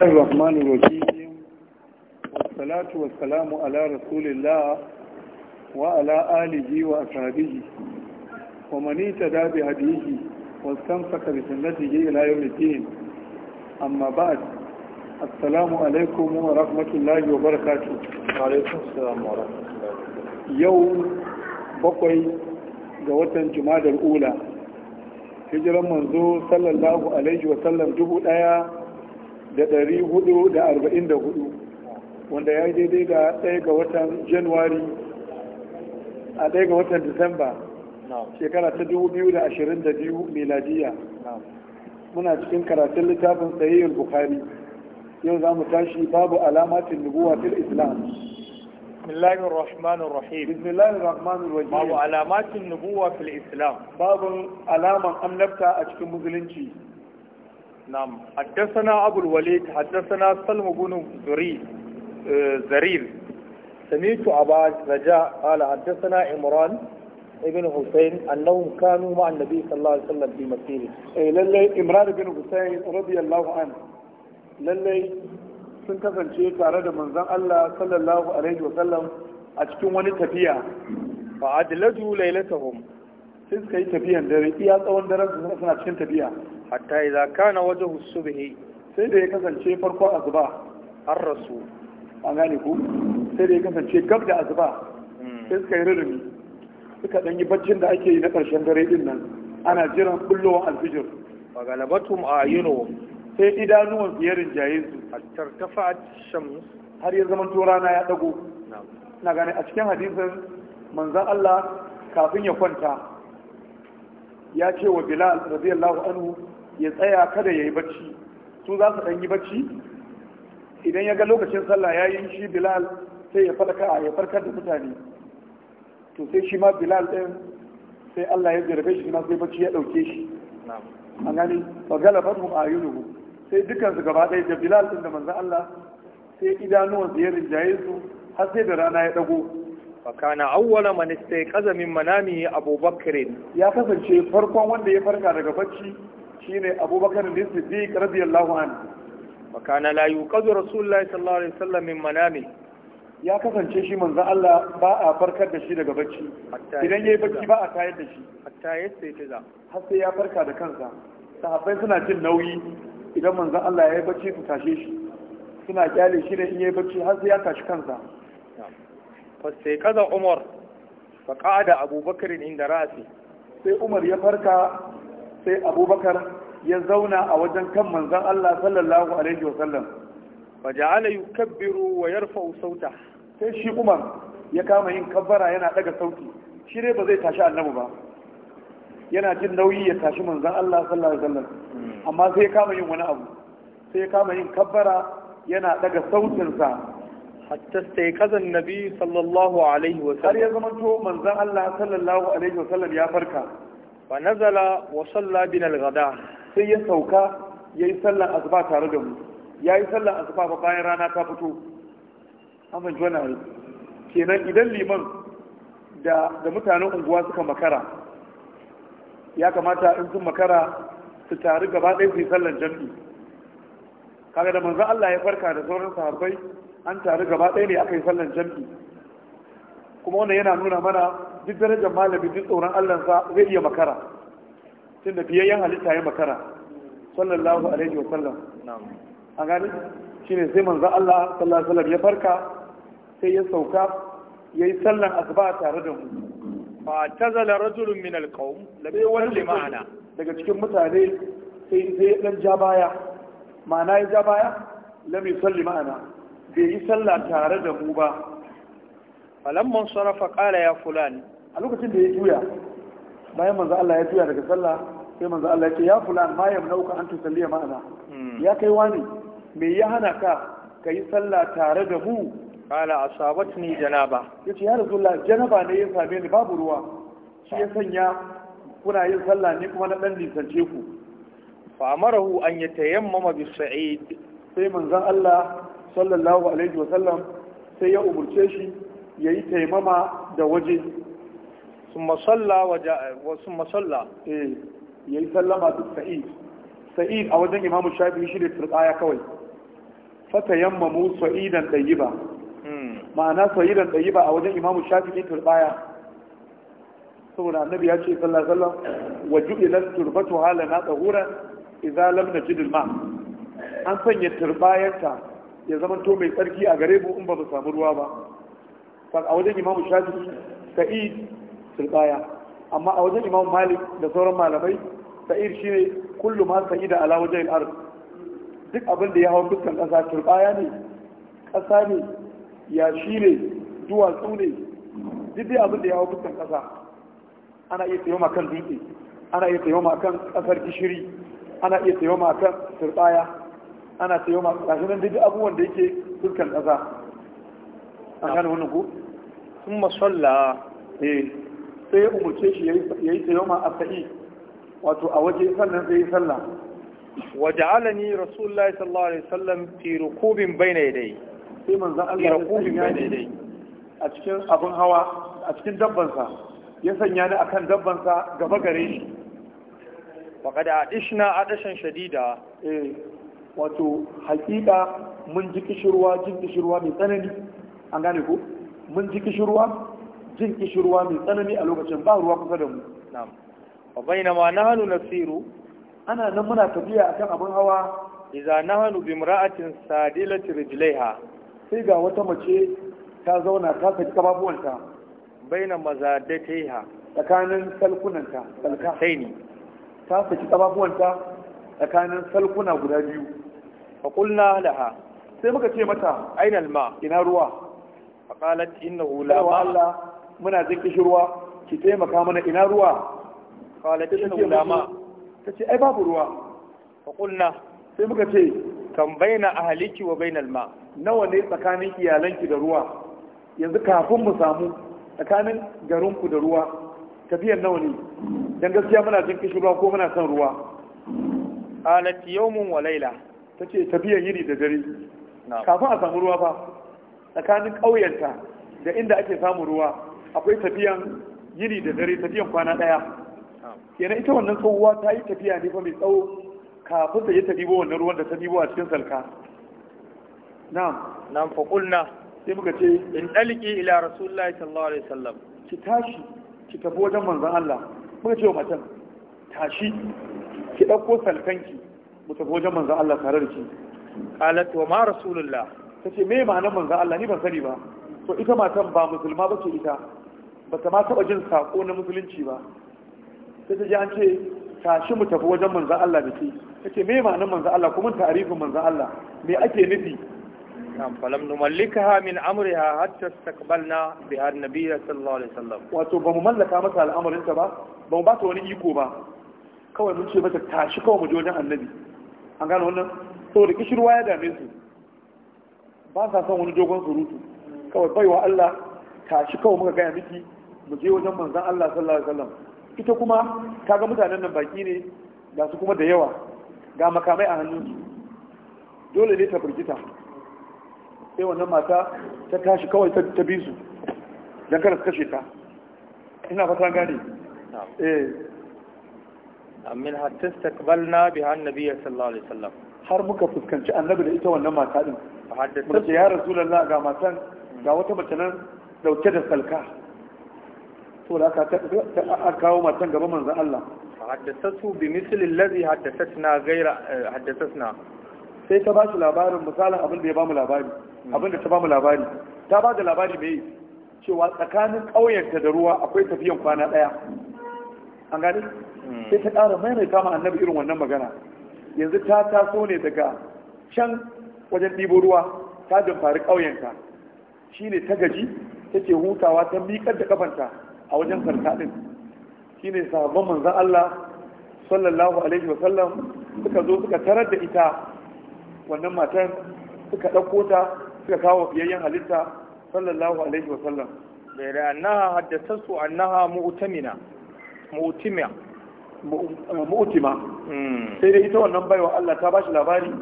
Allah rahmanu rahim Salatu wassalamu ala rasulillah wa ala alihi wa ashabihi wa man tada bi hadihi wa samsaka bi sunnatihi ila yawm al-din amma ba'd assalamu alaikum wa rahmatullahi wa barakatuh alaikum assalam wa rahmatullahi yau bakwai ga watan jumadal ula hijiran manzo sallallahu alaihi wasallam dubu daya da dari hudu da arba'in da hudu wanda ya yi daidai ga ɗaya ga watan januari a ɗaya ga watan disamba shekara ta dubu biyu da ashirin da biyu miladiya muna cikin karatun littafin sahihul bukhari yau za mu tashi babu alamatin nubuwa fil islam بسم الله الرحمن الرحيم بسم الله الرحمن الرحيم باب علامات النبوة في الإسلام باب علامة أم نبتا أشك مزلنشي نعم حدثنا أبو الوليد حدثنا سلم بن زرير آه، زرير سمعت أبا رجاء قال حدثنا عمران ابن حسين أنهم كانوا مع النبي صلى الله عليه وسلم في مسيره إيه للي عمران بن حسين رضي الله عنه للي sun kasance tare da manzon Allah sallallahu alaihi wa sallam a cikin wani tafiya fa adlaju lailatahum sun suka yi tafiyan dare iya tsawon daren suna cikin tafiya hatta idza kana wajhu subhi sai da ya kasance farkon azuba har rasu an gane ku sai da ya kasance gab da azuba hmm. sai suka yi rurumi suka dan yi baccin da ake yi na karshen dare din nan ana jiran kullowan alfijir wa galabatum ayunuhum sai idanuwan ya rinjaye su tartafa shams har ya zama tura rana ya dago na gane a cikin hadisin manzan Allah kafin ya kwanta ya ce wa Bilal radiyallahu anhu ya tsaya kada ya yi bacci su za su ɗan yi bacci idan ya ga lokacin sallah ya yi shi Bilal sai ya farka ya farkar da mutane to sai shi ma Bilal ɗin sai Allah ya jarbe shi ma sai bacci ya ɗauke shi an gani ba mu hum ayunuhum sai dukansu gaba ɗaya da bilal ɗin da manzo Allah sai idanuwan su ya rinjaye su har sai da rana ya ɗago fakana awwala man istayqaza min manami abubakar ya kasance farkon wanda ya farka daga bacci shine abubakar ne siddiq radiyallahu anhu fakana la yuqadu rasulullahi sallallahu alaihi wasallam min manami ya kasance shi manzo Allah ba a farkar da shi daga bacci idan yayi bacci ba a tayar da shi hatta yastayiza har sai ya farka da kansa sahabbai suna jin nauyi idan manzan Allah ya yi bacci su tashe shi suna kyale shi ne in yi bacci har sai ya tashi kansa fasai kaza umar fa da abubakar inda rasi sai umar ya farka sai abubakar ya zauna a wajen kan manzan Allah sallallahu alaihi wa sallam fa ja'ala yukabbiru wa yarfa'u sauta sai shi umar ya kama yin kabbara yana daga sauti shi ne ba zai tashi annabi ba yana jin nauyi ya tashi manzan Allah sallallahu alaihi wasallam amma sai ya kama yin wani abu sai ya kama yin kabbara yana daga sautinsa hatta sai kazan nabi sallallahu alaihi wasallam har ya zama to manzan Allah sallallahu alaihi wasallam ya farka fa nazala wa salla bin al-ghada sai ya sauka yayi sallar asuba tare da mu yayi sallar asuba ba bayan rana ta fito amma jona kenan idan liman da da mutanen unguwa suka makara ya kamata in sun makara su taru gaba ɗaya su yi sallan jam'i kaga da manzo Allah ya farka da sauran sahabbai an taru gaba ɗaya ne aka yi sallan jam'i kuma wannan yana nuna mana duk darajar malami duk tsoron Allah sa zai iya makara tunda biyayyen halitta ya makara sallallahu alaihi wa sallam a gani shine sai manzo Allah sallallahu alaihi wa sallam ya farka sai ya sauka yayi sallan asuba tare da mu fa tazala rajulun min alqawm bi wani ma'ana daga cikin mutane sai sai dan ja baya ma'ana ya ja baya bi salli ma'ana bai yi sallah tare da mu ba man sarafa qala ya fulani a lokacin da ya juya bayan manzo Allah ya juya daga sallah sai manzo Allah ya ce ya fulan ma yamnauka an tusalliya ma'ana ya kai wani me ya hana ka kai sallah tare da mu ni asabatni janaba yace ya rasulullah janaba ne ya same ni babu ruwa shi ya sanya kuna yin sallah ne kuma na dan nisance ku fa amarahu an yatayammama bis sa'id sai manzon Allah sallallahu alaihi wasallam sai ya umurce shi yayi taimama da waje summa salla waja wa summa salla eh yayi sallama bis sa'id sa'id a wajen imamu shafi'i shi kawai fa tayammamu sa'idan ma'ana sayyidan ba a wajen imamu shafi'i turbaya saboda annabi ya ce sallallahu alaihi wasallam wa turbatu hala na tahura idza lam najid al an sanya turbayanta ya zama to mai tsarki a gare mu in ba mu samu ruwa ba fa a wajen imamu shafi'i sa'id turbaya amma a wajen imamu malik da sauran malamai sa'id shine kullu ma sa'ida ala al ard duk abin da ya hawo dukkan kasa turbaya ne kasa ne yashi ne duwatsu ne duk dai abin da ya hau fuskan ƙasa ana iya ma kan dutse ana iya ma kan ƙasar gishiri ana iya ma kan turɓaya ana ma gashi nan duk abubuwan da yake fuskan ƙasa an gane wannan ko sun masalla eh sai ya umarce shi ya yi taimama a sa'i wato a waje sannan sai yi sallah وجعلني رسول الله صلى الله عليه وسلم في ركوب بين يديه sai manzan Allah ya sanya ni a cikin abin hawa a cikin dabbansa ya sanya ni akan dabbansa gaba gare shi faqad adishna adashan shadida eh wato hakika mun ji kishirwa jin kishirwa mai tsanani an gane ko mun ji kishirwa jin kishirwa mai tsanani a lokacin ba ruwa kusa da mu na'am wa bainama na nasiru ana nan muna tafiya akan abin hawa idza nahnu bi imra'atin sadilati rijlaiha sai ga wata mace ta zauna ta saki ta yi ha tsakanin salkunanta salka ne ta saki kababuwanta tsakanin salkuna guda biyu fa da laha sai muka ce mata ainihin ma. ina ruwa fa qalat ina hula ma Allah muna jin ruwa ki taimaka mana ina ruwa qalat ina hula ma ce ai babu ruwa a qulna sai muka ce kan baina ahliki wa bainal ma nawa ne tsakanin iyalanki da ruwa yanzu kafin mu samu tsakanin garinku da ruwa tafiyar nawa ne dan gaskiya muna jin kishi ruwa ko muna son ruwa alat yawmun wa laila tace tafiyar yiri da dare kafin a samu ruwa fa tsakanin ƙauyenta da inda ake samun ruwa akwai tafiyan yiri da dare tafiyan kwana ɗaya kenan ita wannan tsohuwa ta yi tafiya ne fa mai tsawo kafin da ya ta ɗibo wannan ruwan da ta ɗibo a cikin salka na'am na'am fa qulna sai muka ce in daliki ila rasulullahi sallallahu alaihi wasallam ki tashi ki tafi wajen manzon Allah muka ce wa matan tashi ki ɗauko salkanki mu tafi wajen manzon Allah tare da ki qalat wa ma rasulullah tace me ma'anar manzon Allah ni ban sani ba to ita matan ba musulma bace ita ba ta ma taba jin sako na musulunci ba sai ta ji an ce tashi mu tafi wajen manzan Allah da ke ce me ma'anin manzan Allah kuma ta'arifin manzan Allah me ake nufi nam falam numallikaha min amriha hatta istaqbalna biha an sallallahu alaihi wasallam wato ba mu mallaka mata al'amarin ta ba ba mu ba ta wani iko ba kawai mun ce mata tashi kawai mu je wajen annabi an gano wannan da kishirwa ya dame su ba sa son wani dogon surutu kawai baiwa Allah tashi kawai muka gaya miki mu je wajen manzan Allah sallallahu alaihi wasallam ita kuma kaga mutanen nan baki ne ga su kuma da yawa ga makamai a hannunsu dole ne ta firgita sai wannan mata ta tashi kawai ta bi su don kada su kashe ta ina fata gane eh amin hatta takbalna bi annabi sallallahu alaihi wasallam har muka fuskanci annabi da ita wannan mata din muka ce ya rasulullahi ga matan ga wata mace nan dauke da salka saboda aka kawo matan gaban manzon Allah haddasatu bi misli allazi haddasatna ghaira eh, haddasatna sai ta ba su labarin misalin abin da ya ba mu labari hmm. abin da ta ba mu labari ta ba da labari mai cewa tsakanin ƙauyenta da ruwa akwai tafiyan kwana ɗaya an gani hmm. sai ta ƙara maimaita ma annabi irin wannan magana yanzu ta taso ne daga can wajen ɗibo ruwa ta damfari ƙauyenta ne ta gaji take hutawa ta miƙar da ƙafanta. a wajen karta din shine sabon manzan Allah sallallahu alaihi wasallam suka zo suka tarar da ita wannan matan suka ɗauko ta suka kawo fiyayyen halitta sallallahu alaihi wasallam غير أنها mu'utima. Sai dai ita wannan سيدة إتا Allah ta bashi labari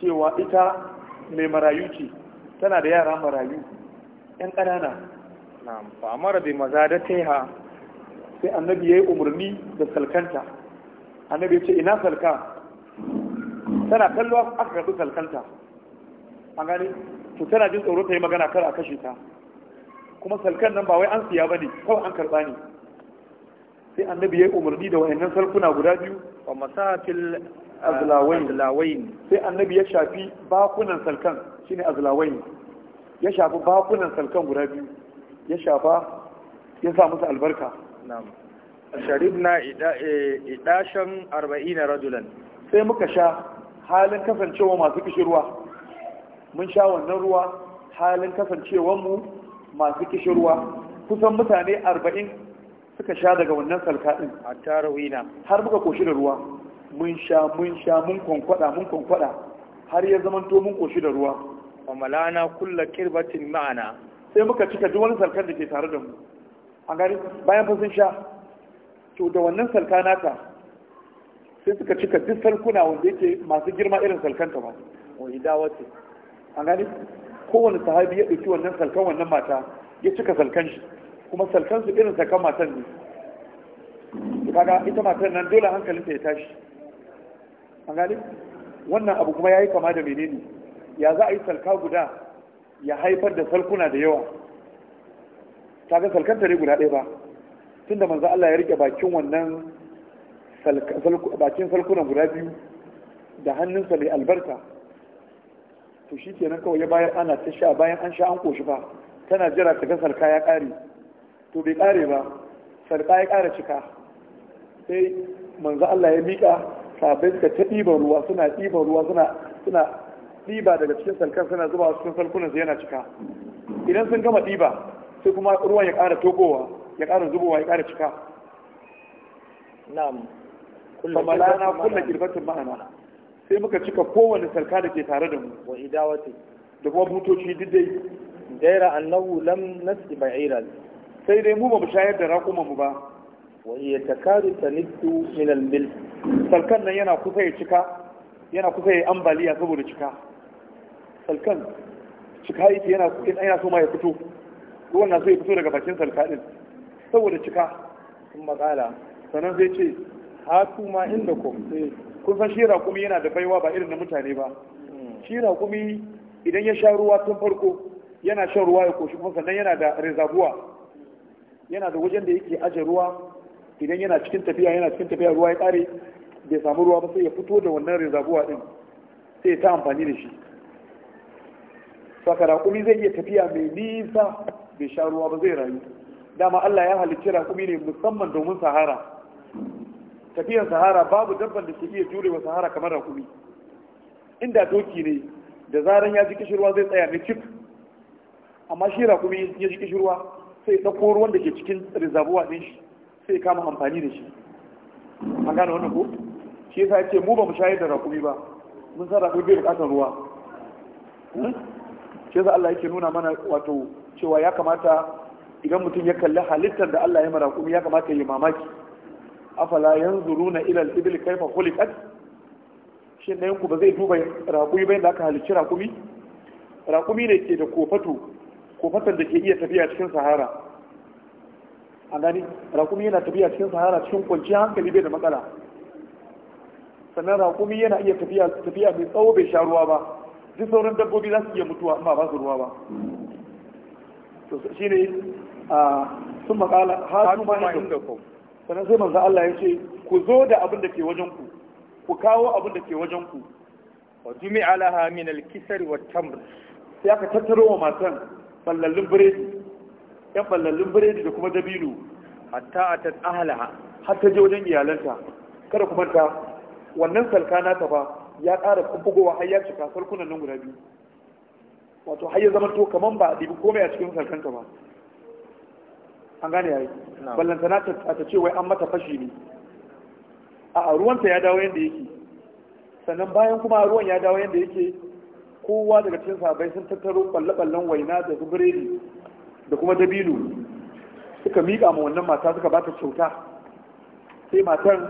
cewa ita mai marayu ce tana da yara marayu 'yan ƙanana na'am fa amara bi mazadataiha sai annabi yayi umarni da salkanta annabi ce ina salka tana kallo aka karbi salkanta an gani to tana jin tsoro ta yi magana kar a kashe ta kuma salkan nan ba wai an siya bane kawai an karba ne sai annabi yayi umarni da wayannan salkuna guda biyu wa masatil azlawain sai annabi ya shafi bakunan salkan shine azlawain ya shafi bakunan salkan guda biyu ya shafa ya sa musu albarka sharibna e, idashan na rajulan sai muka sha halin kasancewa masu kishirwa mun sha wannan ruwa halin kasancewanmu masu kishirwa kusan mutane arba'in suka sha daga wannan salkaɗin a tarawina har muka koshi da ruwa mun sha mun sha mun kwankwada mun kwankwada har ya zamanto mun koshi da ruwa wa malana kulla kirbatin ma'ana sai muka cika duk wani salkan da ke tare da mu an gani bayan fasin sha to da wannan salka nata sai suka cika duk salkuna wanda yake masu girma irin salkanta ba wani dawace an gani kowane sahabi ya ɗauki wannan salkan wannan mata ya cika salkan shi kuma salkan su irin salkan matan ne kaga ita matan nan dole hankalinta ya tashi an gani wannan abu kuma ya yi kama da menene ya za a yi salka guda ya haifar da salkuna da yawa ta ga salkan tare guda ɗaya ba tun da manzan Allah ya rike bakin wannan bakin salkunan guda biyu da hannunsa mai albarka to shi kenan kawai ya bayan ana ta sha bayan an sha an koshi ba tana jira ta ga sarka ya ƙare to bai ƙare ba sarka ya ƙara cika sai manzan Allah ya miƙa sabbin suka ta ɗiban ruwa suna ɗiban ruwa suna suna ɗiba daga cikin salkar suna zuba cikin salkunan su yana cika idan sun gama ɗiba sai kuma ruwan ya ƙara tokowa ya ƙara zubowa ya ƙara cika na'am kullum kulla kirbatin ma'ana sai muka cika kowane salka da ke tare da mu wa idawati da kuma butoci duk dai gaira annahu lam nasi ba'ira sai dai mu ba mu shayar da raƙuman mu ba wa iya takari ta min minal mil salkan nan yana kusa ya cika yana kusa ya ambaliya saboda cika salkan cika yake yana in yana so ma ya fito ruwan na so ya fito daga bakin salka din saboda cika sun matsala sannan zai ce hatu ma inda ku eh, kun san shira raƙumi yana da baiwa ba irin na mutane ba hmm. shira raƙumi idan ya sha ruwa tun farko yana shan ruwa ya koshi kuma sannan yana da rezabuwa yana da wajen da yake aje ruwa idan yana cikin tafiya yana cikin tafiya ruwa ya ƙare bai samu ruwa ba sai ya fito da wannan rezabuwa din sai ta amfani da shi saka raƙumi zai iya tafiya mai nisa bai sha ruwa ba zai rayu dama Allah ya halicci raƙumi ne musamman domin sahara tafiyar sahara babu dabban da ke iya jure jurewa sahara kamar raƙumi inda doki ne da zaran ya ji kishirwa zai tsaya na cik amma shi raƙumi ya ji kishirwa sai ɗauko ruwan da ke cikin rizabuwa ɗin shi sai kama amfani da shi an gane wannan ko shi yasa ya ce mu ba mu shayar da raƙumi ba mun san raƙumi bai buƙatar ruwa hmm? shi yasa Allah yake nuna mana wato cewa ya kamata idan mutum ya kalli halittar da Allah ya mara kuma ya kamata ya mamaki afala yanzuruna ila al-ibli kayfa khuliqat shin da yanku ba zai duba raƙumi bayan da aka halicci raƙumi raƙumi ne ke da kofato kofatar da ke iya tafiya cikin sahara an gani raƙumi yana tafiya cikin sahara cikin kwanciyar hankali bai da matsala sannan raƙumi yana iya tafiya mai tsawo bai sha ruwa ba duk sauran dabbobi za su iya mutuwa amma ba su ruwa ba to shi ne a sun makala ha su ma inda ku sannan sai manzo Allah ya ce ku zo da abin da ke wajen ku ku kawo abin da ke wajen ku wa jumi alaha min al-kisar wa tamr sai aka tattaro wa matan ballallin biredi yan ballallin biredi da kuma dabino hatta atat ahlaha har ta je wajen iyalanta kada ku manta wannan salka ta ba ya ƙara bugowa har ya cika sarkunan nan guda biyu wato har ya zama to kaman ba a ɗibi komai a cikin sarkanka ba an gane yayi ballantana ta ce wai an mata fashi ne a ruwanta ya dawo yadda yake sannan bayan kuma ruwan ya dawo yadda yake kowa daga cikin sabai sun tattaro balle waina da zubiredi da kuma dabilu suka miƙa ma wannan mata suka bata kyauta sai matan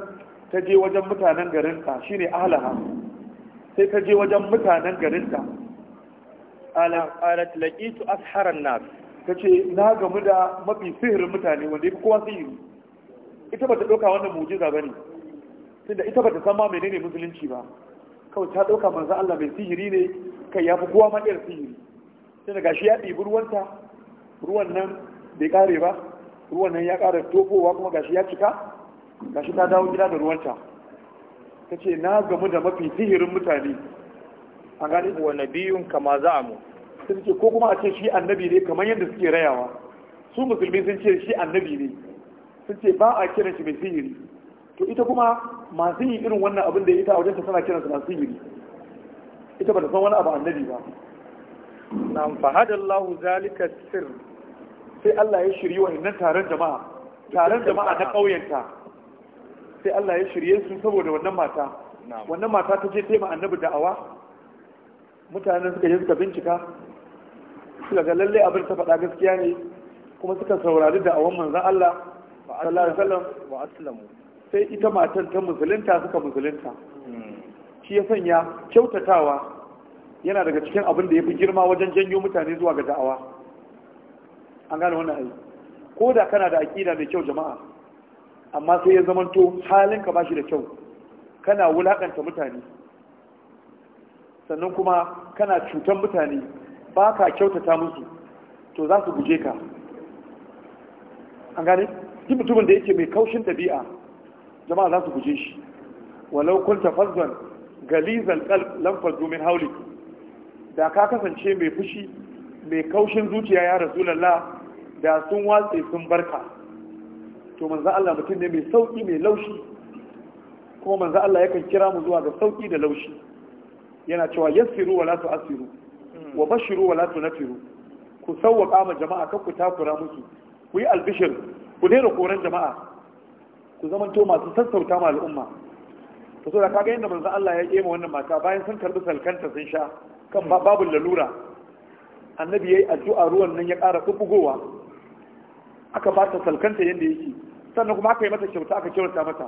ta je wajen mutanen garinta shine ahlaha sai ka je wajen mutanen garinta ala laqitu ashara an na gamu da mafi sihirin mutane wanda yafi kowa sihiri ita bata dauka wannan mu'jiza bane tunda ita bata san ma menene musulunci ba kawai ta dauka manzo Allah mai sihiri ne kai yafi kowa ma irin sihiri tunda gashi ya ɗibi ruwanta ruwan nan bai kare ba ruwan nan ya ƙara tofowa kuma gashi ya cika gashi ta dawo gida da ruwanta ta ce na gamu da mafi zihirin mutane an gane wa nabiyun kama za mu sun ce ko kuma a ce shi annabi ne kamar yadda suke rayawa su musulmi sun ce shi annabi ne sun ce ba a kiran shi mai sihiri to ita kuma masu yi irin wannan abin da ita a wajen ta sana su masu sihiri ita ba ta san wani abu annabi ba na fahadallahu zalika sir sai Allah ya shirye wa innan taron jama'a taron jama'a na ƙauyenta sai Allah ya shirye su saboda wannan mata wannan mata ta je tema annabi da'awa mutanen suka je suka bincika suka ga lalle abin ta faɗa gaskiya ne kuma suka saurari da'awan manzon Allah sallallahu sai ita matan ta musulunta suka musulunta hmm. shi ya sanya kyautatawa yana daga cikin abin da ya fi girma wajen janyo mutane zuwa ga da'awa an gane wannan ayi ko da kana da aƙida mai kyau jama'a amma sai ya zamanto halinka ba shi da kyau kana wulakanta mutane sannan kuma kana cutan mutane ba ka kyautata musu to za su guje ka an gane duk mutumin da yake mai kaushin ɗabi'a jama'a za su guje shi walau kun fazzan galizal kal lam faddu min da ka kasance mai fushi mai kaushin zuciya ya rasulullah da sun watse sun barka to manzo Allah mutum ne mai sauki mai laushi kuma manzo Allah yakan kira mu zuwa ga sauki da laushi yana cewa yassiru wala tu'siru wa bashiru wala tunfiru ku sawwaka ma jama'a kanku ku takura musu ku yi albishir ku daina koran jama'a ku zamanto masu sassauta ma al'umma to saboda kaga yadda manzo Allah ya ma wannan mata bayan sun karbi salkanta sun sha kan babu lalura annabi yayi addu'a ruwan nan ya ƙara kubugowa aka ba ta salkanta yadda yake sannan kuma aka yi mata kyauta aka kyauta mata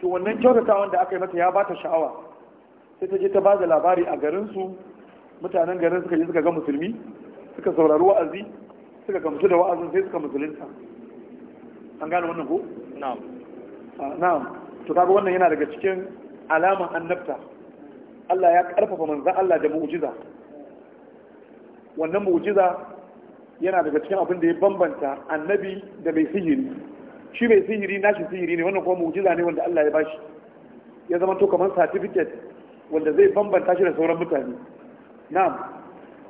to wannan kyautata wanda aka yi mata ya ba ta sha'awa sai ta je ta ba da labari a garinsu mutanen garin suka je suka ga musulmi suka saurari wa'azi suka gamsu da wa'azin sai suka musulunta an gane wannan ko na'am ah, na'am to kaga wannan yana daga cikin alaman annabta Allah ya karfafa manzon Allah da mu'jiza wannan mu'jiza yana daga cikin abin da ya bambanta annabi da mai sihiri shi mai sihiri nashi sihiri ne wannan kuma mu'jiza ne wanda Allah ya bashi ya zama to kamar certificate wanda zai bambanta shi da sauran mutane na'am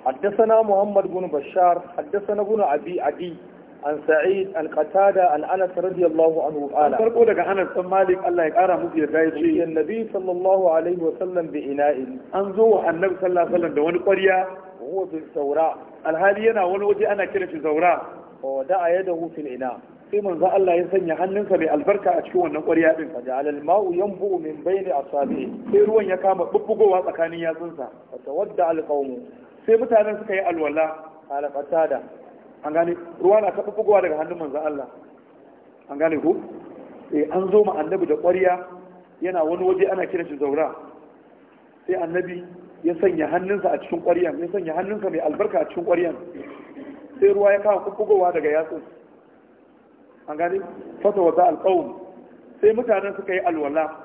حدثنا محمد بن بشار حدثنا بن أبي sa'id عن سعيد عن قتادة عن أنس رضي الله عنه قال فرقوا لك أنس بن مالك الله يقرأ مجيء دايجي النبي صلى الله عليه وسلم بإناء أنزو النبي wa الله عليه وسلم دون قرية وهو بالثوراء alhali yana wani waje ana kira shi zaura wa da yadda fil ina sai manzo Allah ya sanya hannunsa mai albarka a cikin wannan ƙwarya din fa ja'al ma'u yanbu min bayni asabi'i sai ruwan ya kama bubbugowa tsakanin yatsunsa fa tawadda al sai mutanen suka yi alwala ala fatada an gane ruwa na ta bubbugowa daga hannun manzo Allah an gane ko eh an zo ma annabi da ƙwarya yana wani waje ana kiran shi zaura sai annabi ya sanya hannunsa a cikin ƙwaryan ya sanya hannunsa mai albarka a cikin ƙwaryan sai ruwa ya kawo kubugowa daga yatsun an gani fata wata alƙawun sai mutanen suka yi alwala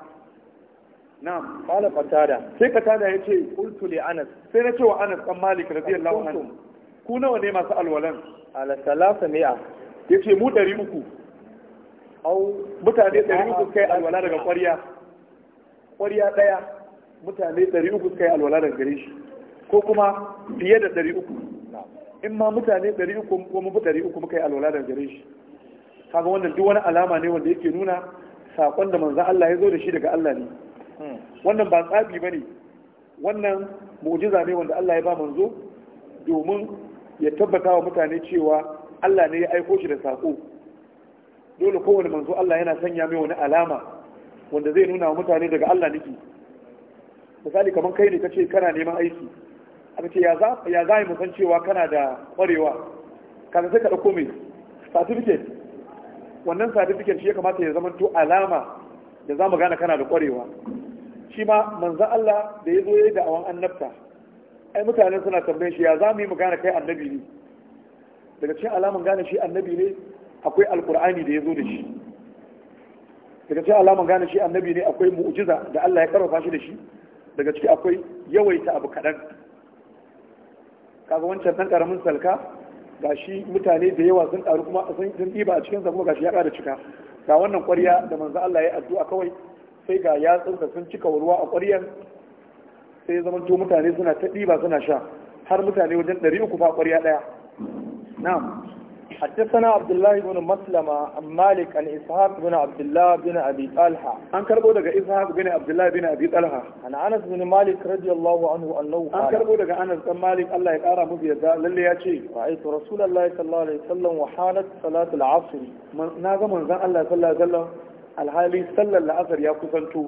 Na. qala qatada sai qatada ce qultu li anas sai na ce wa anas ɗan malik radiyallahu anhu ku nawa ne masu alwalan ala salasa mi'a ce mu ɗari au mutane ɗari 300 kai alwala daga ƙwarya ƙwarya ɗaya. mutane 300 suka yi alwala daga gare shi ko kuma fiye da 300 in ma mutane 300 ko mafi 300 muka yi alwala daga gare shi kaga wannan duk wani alama ne wanda yake nuna sakon da manzan Allah ya zo da shi daga Allah ne wannan ba tsabi ba ne wannan mu'jiza ne wanda Allah ya ba manzo domin ya tabbata wa mutane cewa Allah ne ya aiko shi da sako dole kowane manzo Allah yana sanya mai wani alama wanda zai nuna wa mutane daga Allah nake misali kamar kai ne kace kana neman aiki aka ce ya za ya mu san cewa kana da kwarewa kaza sai ka dauko mai certificate wannan certificate shi ya kamata ya zama to alama da za mu gane kana da kwarewa shi ma manzan Allah da ya zo ya yi da'awan annabta ai mutane suna tambayin shi ya za mu yi mu gane kai annabi ne daga cikin alaman gane shi annabi ne akwai alkur'ani da ya zo da shi daga cikin alaman gane shi annabi ne akwai mu'jiza da Allah ya karfafa shi da shi daga ciki akwai yawaita abu kaɗan kaga wancan ɗan ƙaramin salka gashi mutane da yawa sun ƙaru kuma sun ɗiba a cikinsa kuma gashi ya ƙara cika ga wannan ƙwarya da manzo Allah ya addu'a kawai sai ga yatsunsa sun cika ruwa a ƙwaryan sai zaman to mutane suna ta ɗiba suna sha har mutane wajen ɗari uku fa ƙwarya ɗaya na'am حدثنا عبد الله بن مسلمة عن مالك عن إسحاق بن عبد الله بن أبي طلحة عن كربو دقى إسحاق بن عبد الله بن أبي طلحة عن أنس بن مالك رضي الله عنه أنه قال عن كربو دقى أنس بن مالك الله يقارى مبيدا للي يأتي رأيت رسول الله صلى الله عليه وسلم وحانت صلاة العصر ناغا من ذا الله صلى الله عليه وسلم الحالي صلى العصر يا كسنتو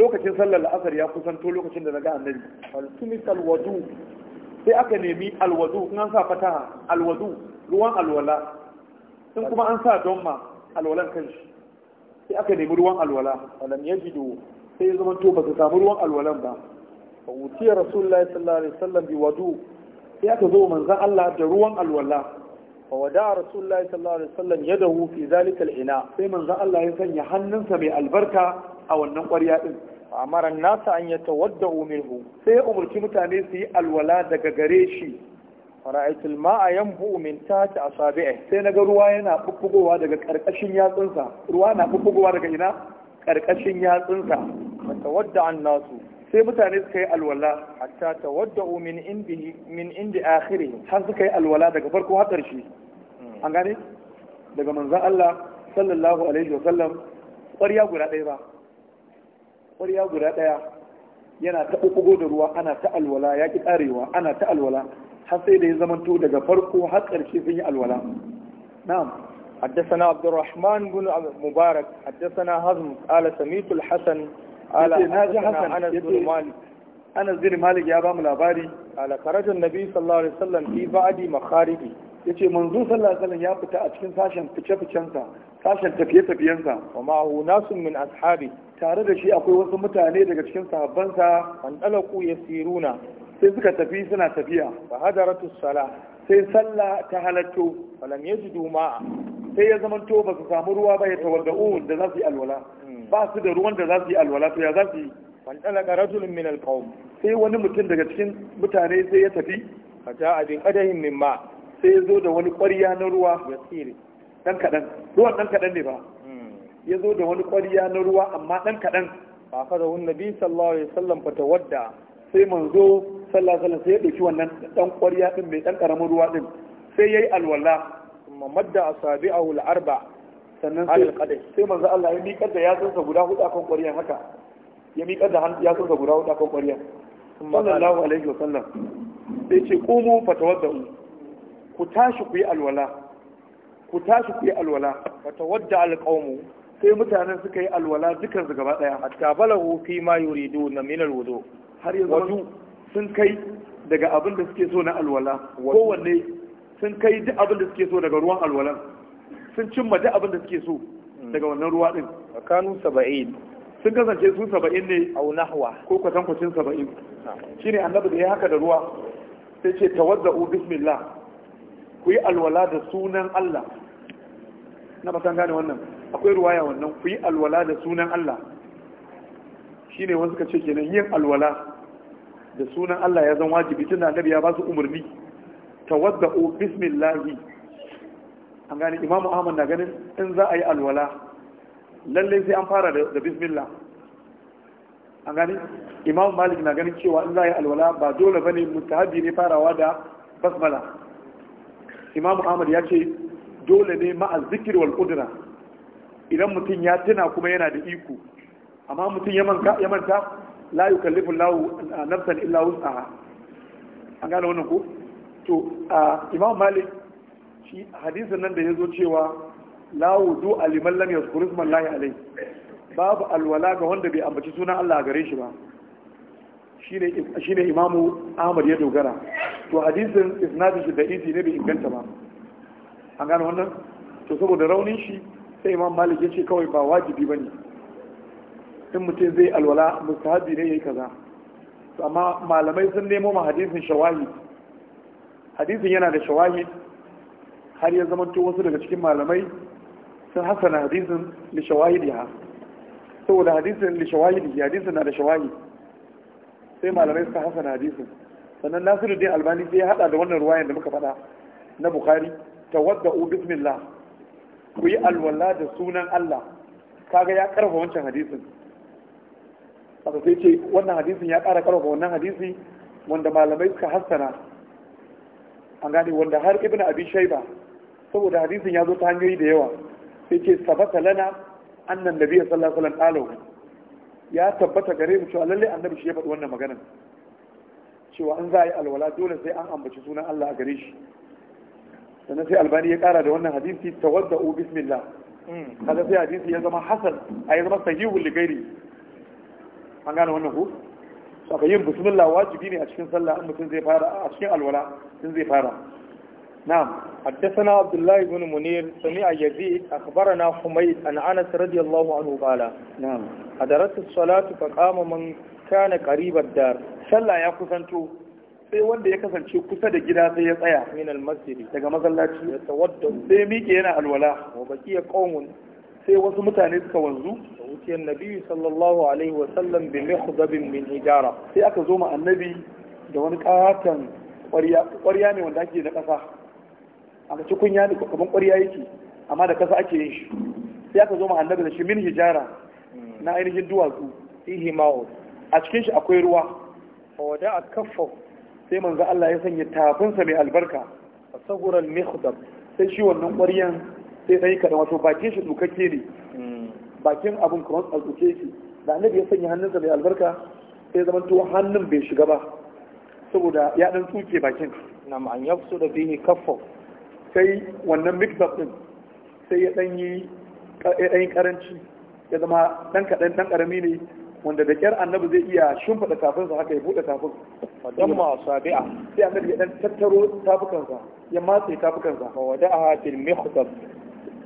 lokacin sallar la'asar ya kusanto lokacin da na ga annabi faltumis alwadu sai aka nemi alwadu in an sa fataha alwadu ruwan alwala in kuma an sa don ma alwalan shi sai aka nemi ruwan alwala alam yajidu sai ya zama to ba su samu ruwan alwalan ba fa utiya rasulullahi sallallahu alaihi wasallam bi wadu sai aka zo manzon Allah da ruwan alwala fa wada rasulullahi sallallahu alaihi wasallam yadahu fi zalika ina sai manzon Allah ya sanya hannunsa mai albarka a wannan ƙwarya din amara nasa an yatawaddau minhu sai ya umarci mutane su yi alwala daga gare shi fara'aitul ma'a yanbu min ta tahti asabi'i sai na ga ruwa yana bubbugowa daga karkashin yatsunsa ruwa na bubbugowa daga ina karkashin yatsunsa wadda an nasu sai mutane suka yi alwala hatta tawadda'u min indi min indi akhiri har suka yi alwala daga farko har ƙarshe an gane daga manzon Allah sallallahu alaihi wa sallam ƙwarya guda ɗaya ba ƙwarya guda ɗaya yana ta bubbugo da ruwa ana ta alwala ya ki ƙarewa ana ta alwala har sai da ya zama to daga farko har ƙarshe sun yi alwala na'am haddathana abdurrahman bin mubarak na hazm ala samitul Hassan. ala naji hasan ana zuri malik ana zuri malik ya ba mu labari ala karajan nabi sallallahu alaihi wasallam fi ba'di makharibi yace manzo sallallahu alaihi wasallam ya fita a cikin sashen fice ficen sashen tafiye tafiyen sa wa ma'ahu nasun min ashabi tare da shi akwai wasu mutane daga cikin sahabban sa an dalaku yasiruna sai suka tafi suna tafiya fa hadaratu sala sai sallah ta halatto falam yajidu ma'a sai ya zama to ba su samu ruwa ba ya tawadda'un da za su yi alwala hmm. ba su da ruwan da za su yi alwala to ya za su yi fantalaka rajulun min alqawm sai wani mutum daga cikin mutane sai ya tafi fata abin qadahin min ma sai ya zo da wani ƙwarya na ruwa yasiri dan kadan ruwan dan kadan ne ba hmm. ya zo da wani ƙwarya na ruwa amma dan kadan ba fa da nabi sallallahu alaihi wasallam wadda sai manzo sallallahu alaihi sai ya dauki wannan dan ƙwarya din mai dan karamin ruwa din sai yayi alwala kuma madda asabi'ahu al-arba sannan sai alqadai sai manzo Allah ya miƙar da yatsunsa guda hudu akan ƙwaryan haka ya miƙar da yatsunsa guda hudu akan ƙwaryan sallallahu alaihi wasallam sai ce qumu fatawaddau ku tashi ku yi alwala ku tashi ku yi alwala fatawadda alqawmu sai mutanen suka yi alwala dukansu gaba daya hatta balahu fi ma na min wudu har yanzu sun kai daga abin da suke so na alwala kowanne sun kai duk abin da suke so daga ruwan alwalan sun cimma duk abin da suke so daga wannan ruwa din kanu saba'in sun kasance su saba'in ne au nahwa ko kwatankwacin saba'in shine annabi da ya haka da ruwa sai ce tawazza'u bismillah ku yi alwala da sunan Allah na ba san gane wannan akwai ruwaya wannan ku yi alwala da sunan Allah shine wasu ka ce kenan yin alwala da sunan Allah ya zan wajibi da annabi ya ba su umarni tawadda'u bismillahi an gane imamu ahmad na ganin in za a yi alwala lallai sai an fara da bismillah an gane imamu malik na ganin cewa in za a yi alwala ba dole bane mutahabi ne farawa da basmala imamu ahmad ya ce dole ne ma'a zikir wal qudra idan mutum ya tuna kuma yana da iko amma mutum ya manta la yukallifu llahu nafsan illa wus'aha an gane wannan ko to imam malik shi hadisin nan da ya zo cewa la wudu aliman lam yazkur isma allahi alai babu alwala ga wanda bai ambaci sunan Allah gare shi ba shine imamu ahmad ya dogara to hadisin isnadin shi da izi ne bai inganta ba an gane wannan to saboda raunin shi sai imam malik ya ce kawai ba wajibi ba ne in mutum zai alwala mustahabi ne yayi kaza amma malamai sun nemo ma hadisin shawahi hadisin yana da shawahi har ya zama wasu daga cikin malamai sun hasana hadisin li shawahidiha saboda hadisin li shawahidi hadisin na da shawahi sai malamai suka hasana hadisin sannan nasiruddin albani sai ya hada da wannan ruwayan da muka faɗa na bukhari tawadda'u bismillah ku yi alwala da sunan Allah kaga ya karfa wancan hadisin wato sai ce wannan hadisin ya ƙara ƙarfafa wannan hadisi wanda malamai suka hassana an gane wanda har ibn abi shaiba saboda hadisin ya zo ta hanyoyi da yawa sai ce sabata lana annan nabiyyi sallallahu alaihi wasallam ya tabbata gare mu cewa lalle annabi shi ya faɗi wannan maganar cewa an za a yi alwala dole sai an ambaci sunan Allah a gare shi sannan sai albani ya kara da wannan hadisi tawadda'u bismillah hmm. kaga sai hadisi ya zama hasan a ya zama sahihu li an gane wannan ko saka yin bismillah wajibi ne a cikin sallah in mutum zai fara a cikin alwala in zai fara نعم a عبد الله بن منير سمع يزيد أخبرنا حميد عن أنس رضي الله عنه قال نعم حضرت الصلاة فقام من كان sai wanda ya kasance kusa da gida sai ya tsaya min almasjid daga masallaci ya tawadda sai miƙe yana alwala wa baqiya qaumun sai wasu mutane suka wanzu Da wuciyar nabi sallallahu alaihi wasallam bin mikhdabin min hijara sai aka zo ma annabi da wani katon ƙwarya ne wanda ake na ƙasa aka ci kunya ne kaman ƙwarya yake amma da ƙasa ake yin shi sai aka zo ma annabi da shi min hijara na ainihin duwatsu ihi ma'ud a cikin shi akwai ruwa fa a kafa sai manzo Allah ya sanya tafinsa mai albarka A sagura al sai shi wannan ƙwaryan sai ɗan yi kaɗan wato bakin shi dukakke ne hmm. bakin abin kamar a duke shi da annabi ya sanya hannunsa mai albarka sai zama to hannun bai shiga ba saboda ya ɗan tsuke bakin na an ya so da bihi kaffo sai wannan mixup ɗin sai ya ɗan yi ƙaranci ya zama ɗan kaɗan ɗan ƙarami ne wanda da ƙyar annabi zai iya shimfiɗa sa haka ya buɗe kafin don ma sabi'a sai annabi ya dan tattaro tafukansa ya matse tafukansa wa da'a fil mihdab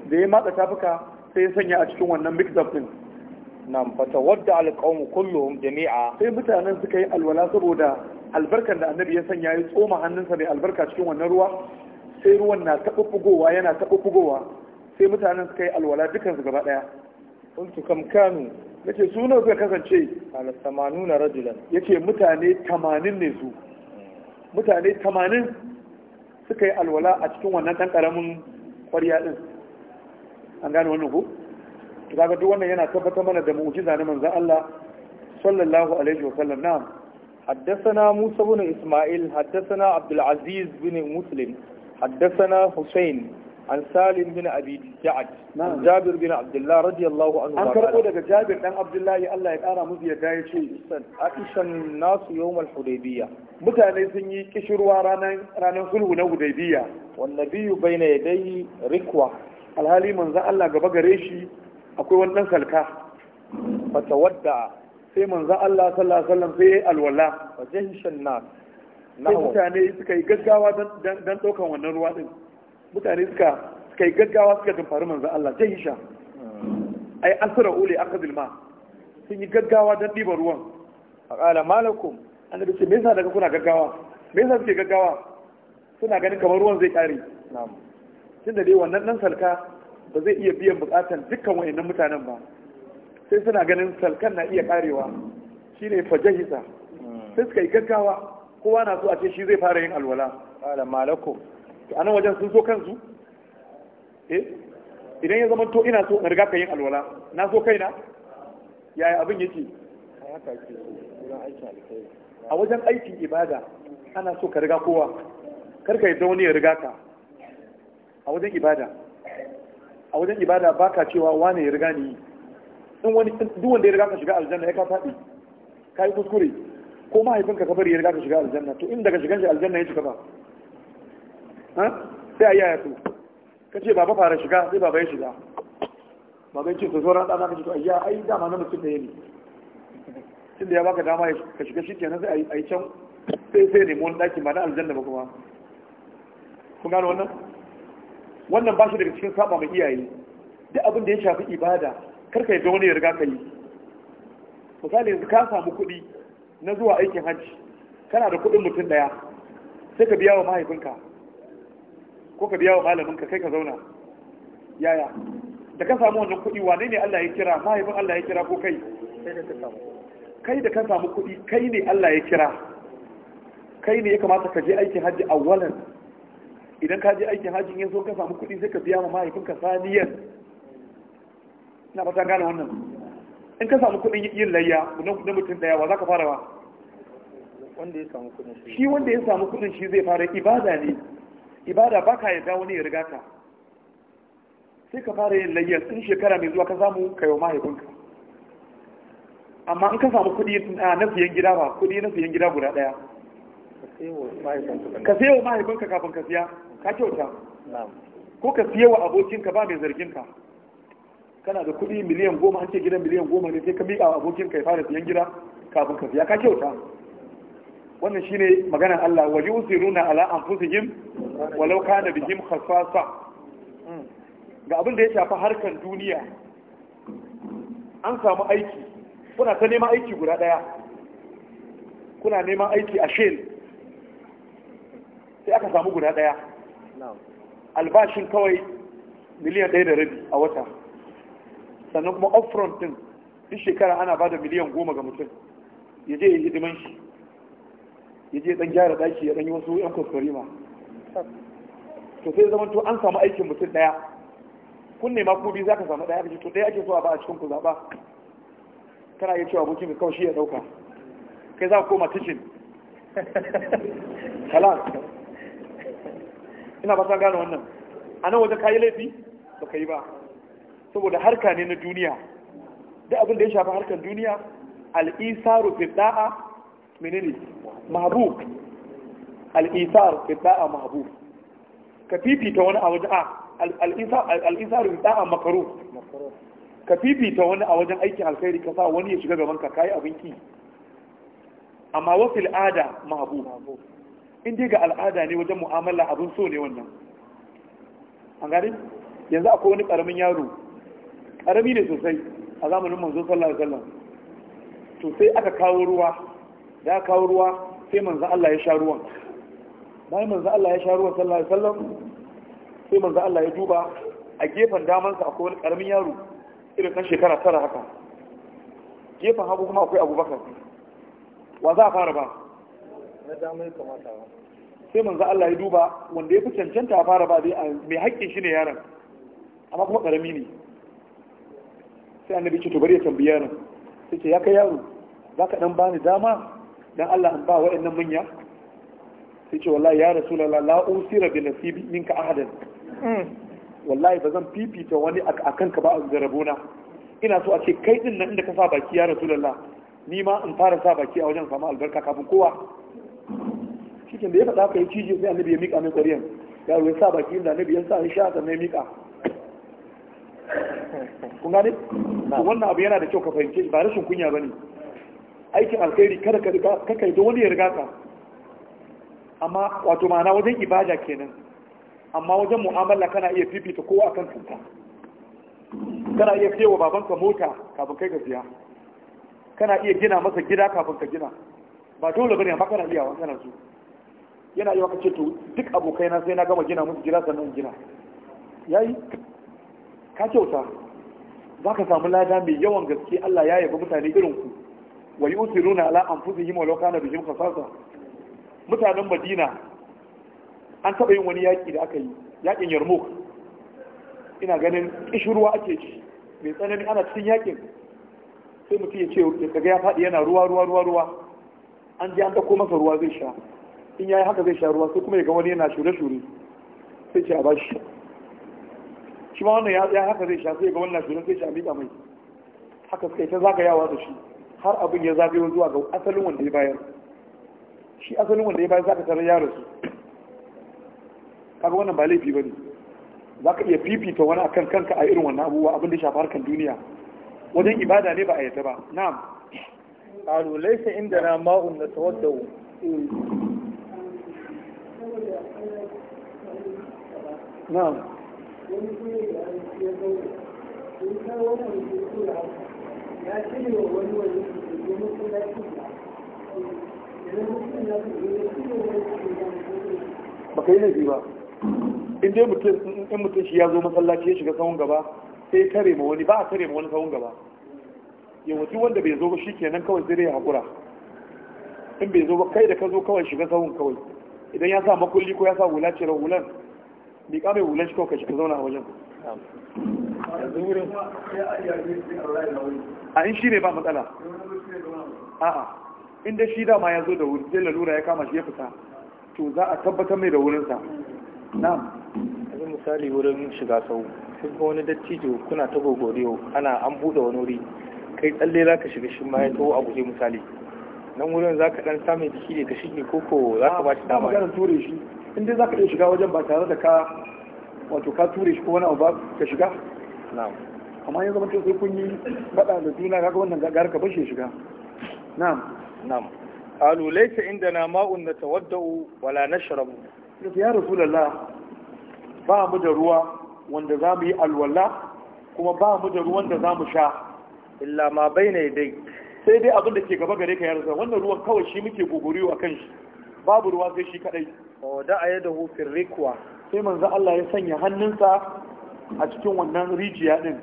da ya matsa tafuka sai ya sanya a cikin wannan mixup din nam fata wadda alƙawun kullum jami'a sai mutanen suka yi alwala saboda albarkar da annabi ya sanya ya tsoma hannunsa mai albarka cikin wannan ruwa sai ruwan na fugowa yana fugowa sai mutanen suka yi alwala dukansu gaba ɗaya kuntu kam kanu yace su nawa suka kasance ala samanuna rajulan yace mutane 80 ne su mutane 80 suka yi alwala a cikin wannan ɗan ƙaramin ƙwarya ɗin an gane wannan ku kaga duk wannan yana tabbatar mana da mu'jiza na manzon Allah sallallahu alaihi wa sallam na'am haddathana Musa ibn Isma'il haddathana Abdul Aziz ibn Muslim haddathana Hussein an Salim ibn Abi Ja'ad Jabir ibn Abdullah radiyallahu anhu an karbo daga Jabir dan Abdullah ya Allah ya kara musu ya ga yace Aisha nasu yawm al-Hudaybiyah mutane sun yi kishirwa ranar ranar sulhu na Hudaybiyah wannabi bayna yadayhi rikwa alhali manzan Allah gaba gare shi akwai wani ɗan salka fata wadda sai manzan Allah sallallahu alaihi wasallam sai yayi alwala wa shanna na sai mutane suka yi gaggawa dan ɗaukan wannan ruwa din mutane suka suka yi gaggawa suka tumfari manzan Allah jahisha hmm. ai asra ule akadil ma sun yi gaggawa dan ɗiba ruwan a ƙala malakum annabi ce me yasa daga kuna gaggawa me yasa suke gaggawa suna ganin kamar ruwan zai ƙare na'am tunda dai wannan ɗan salka ba zai iya biyan bukatan dukkan wayannan mutanen ba sai suna ganin salkan na iya karewa ne fajahisa sai suka yi gaggawa kowa na so a ce shi zai fara yin alwala ala malako a nan wajen sun so kansu eh idan ya zama to ina so in riga ka yin alwala na so kaina yaya abin yake a wajen aikin ibada ana so ka riga kowa karka yadda wani ya riga ka a wajen ibada a wajen ibada baka cewa wane ya riga ni in wani duk wanda ya riga ka shiga aljanna ya ka faɗi ka yi kuskure ko mahaifinka ka bari ya riga ka shiga aljanna to in daga shigan shi aljanna ya shiga ba sai a yi a yato ka ce baba fara shiga sai baba ya shiga baba ya ce to zora ɗana ka ce to ayya ai dama na mutum ne ne tunda ya baka dama ka shiga shi kenan sai a yi can sai sai nemi wani ɗakin ba na aljanna ba kuma kun gano wannan wannan ba shi daga cikin saba mai iyaye duk abin da ya shafi ibada karka yadda wani ya riga ka yi misali yanzu ka samu kuɗi na zuwa aikin hajji kana da kuɗin mutum ɗaya sai ka biya wa mahaifinka ko ka biya wa malaminka kai ka zauna yaya da ka samu wannan kuɗi wane ne Allah ya kira mahaifin Allah ya kira ko kai kai da ka samu kuɗi kai ne Allah ya kira kai ne ya kamata ka je aikin hajji wannan? idan ka je aikin hajji ya so ka samu kuɗi sai ka biya ma mahaifinka saniyar ina ta gane wannan in ka samu kuɗin yin layya na mutum ɗaya wa za ka fara ba wanda ya samu kuɗin shi wanda ya samu kuɗin shi zai fara ibada ne ibada ba ka yarda wani ya riga ka sai ka fara yin layya sun shekara mai zuwa ka samu ka yau mahaifinka amma in ka samu kuɗi na siyan gida ba kuɗi na siyan gida guda ɗaya ka sayo mahaifinka kafin ka siya ka kyauta ko ka siya wa abokinka ba mai zargin ka kana da kuɗi miliyan goma an ce gidan miliyan goma ne sai ka miƙa abokinka ya fara siyan gida kafin ka siya ka kyauta wannan shine magana Allah waje usiruna ala anfusihim walau kana bihim khasasa hmm. ga abin da ya shafi harkar duniya an samu aiki kuna ta neman aiki guda daya kuna neman aiki a shel sai aka samu guda daya albashin kawai miliyan ɗaya da rabi a wata sannan kuma upfront din duk shekara ana ba da miliyan goma ga mutum ya je ya hidiman shi ya je dan gyara daki ya dan yi wasu yan kuskure ma to sai zama to an samu aikin mutum ɗaya kun nema ma biyu biyu zaka samu ɗaya to ɗaya ake so a ba a cikin ku zaɓa kana iya cewa abokin kawai shi ya ɗauka kai za ka koma kicin. kalan ina ba san gane wannan a nan wajen kayi laifi ba ka yi ba saboda harka ne na duniya duk abin da ya shafi harkar duniya al'isaru fi da'a menene mahabub al'isar fi da'a mahabu ka fifita wani a wajen a al'isaru fi da'a makaru ka fifita wani a wajen aikin alkhairi ka sa wani ya shiga gaban ka kayi abinki, amma wasu al'ada mahabu in dai ga al'ada ne wajen mu'amala abin so ne wannan an gani yanzu akwai wani karamin yaro karami ne sosai a zamanin manzo sallallahu alaihi wasallam to sai aka kawo ruwa da aka kawo ruwa sai manzo Allah ya sha ruwan bayan manzo Allah ya sha ruwan sallallahu alaihi wasallam sai manzo Allah ya duba a gefen damansa akwai wani karamin yaro irin kan shekara tara haka gefen hagu kuma akwai abubakar wa za a fara ba na dama ya kamata sai manzo Allah ya duba wanda ya fi cancanta fara ba dai mai haƙƙin shi ne yaron amma kuma ƙarami ne sai annabi ce to bari ya tambayi yaron sai ce ya kai yaro za ka dan bani dama dan Allah an ba wa'annan manya sai ce wallahi ya rasulullah la usira bi nasibi minka ahadan mm. wallahi ba zan fifita wani a kanka ba a garabona ina so a ce kai din nan inda ka sa baki ya rasulullah ni ma in fara sa baki a wajen samu albarka kafin kowa cikin da ya faɗa haka ya cije sai annabi ya miƙa mai ƙwaryan yaro ya sa baki inda annabi ya sa ya sha sannan ya miƙa kun gane wannan abu yana da kyau ka fahimce ba rashin kunya ba ne aikin alkhairi kada ka riga ka kai da wani ya riga ka amma wato ma'ana wajen ibada kenan amma wajen mu'amala kana iya fifita kowa akan kanka kana iya siya wa babanka mota kafin kai ka siya kana iya gina masa gida kafin ka gina ba dole bane amma kana iya wa su yana yi ce to duk abokaina sai na gama gina musu gida sannan gina yi? ka kyauta za ka samu lada mai yawan gaske Allah ya yabi mutane irin ku wa yusiruna ala anfusihim yi law na bihim khasasa mutanen Madina an taba yin wani yaƙi da aka yi yaƙin Yarmouk ina ganin ƙishirwa ake ci mai tsanani ana cikin yaƙin? sai mutum ya ce ya kaga ya faɗi yana ruwa ruwa ruwa ruwa an je an dako masa ruwa zai sha in yi haka zai sha ruwa sai kuma ya ga wani yana shure-shure sai ce a bashi shi ma wannan ya haka zai sha sai ga wannan shure sai ce a miƙa mai haka sai ta zagayawa da shi har abin ya zagayo zuwa ga asalin wanda ya bayar shi asalin wanda ya bayar za ka tarar yaro su. kaga wannan ba laifi ba ne. Za ka iya fifita wani akan kanka a irin wannan abubuwa abin da ya shafi harkar duniya wajen ibada ne ba a yata ba na'am qalu laysa indana ma'un natawaddu نعم ba ka yi laifi ba in dai mutum shi ya zo masallaci ya shiga sahun gaba sai tare ma wani ba a tare ma wani sahun gaba yawanci wanda bai zo ba shi kenan kawai zai ya haƙura in bai zo ba kai da ka zo kawai shiga sahun kawai idan ya sa makulli ko ya sa hula cire hulan bi kame hulan shi kawai ka zauna a wajen a in shi ne ba matsala a'a inda shi dama ya zo da wuri sai lalura ya kama shi ya fita to za a tabbatar mai da wurinsa na'am yanzu misali wurin shiga sau sai ga wani dattijo kuna ta gogoriyo ana an buɗe wani wuri kai tsalle za ka shiga shi ma ya taho a guje misali nan wurin za ka dan same da shi ne ka shige koko za ka ba shi dama ka ture shi in dai za ka iya shiga wajen ba tare da ka wato ka ture shi ko wani abu ba ka shiga na'am amma yanzu mutum sai kun yi bada da juna ga wannan gagar ka bashi shiga na'am na'am qalu laysa indana ma'un natawaddau wala nashrabu yace ya rasulullah ba mu da ruwa wanda za mu yi alwala kuma ba mu da ruwan da za mu sha illa ma bayna yadayk sai dai abin da ke gaba gare ka ya rasa wannan ruwan kawai shi muke gogoriyo a kan shi babu ruwa sai shi kadai da a yadda hufin rikuwa sai manzo Allah ya sanya hannunsa a cikin wannan rijiya din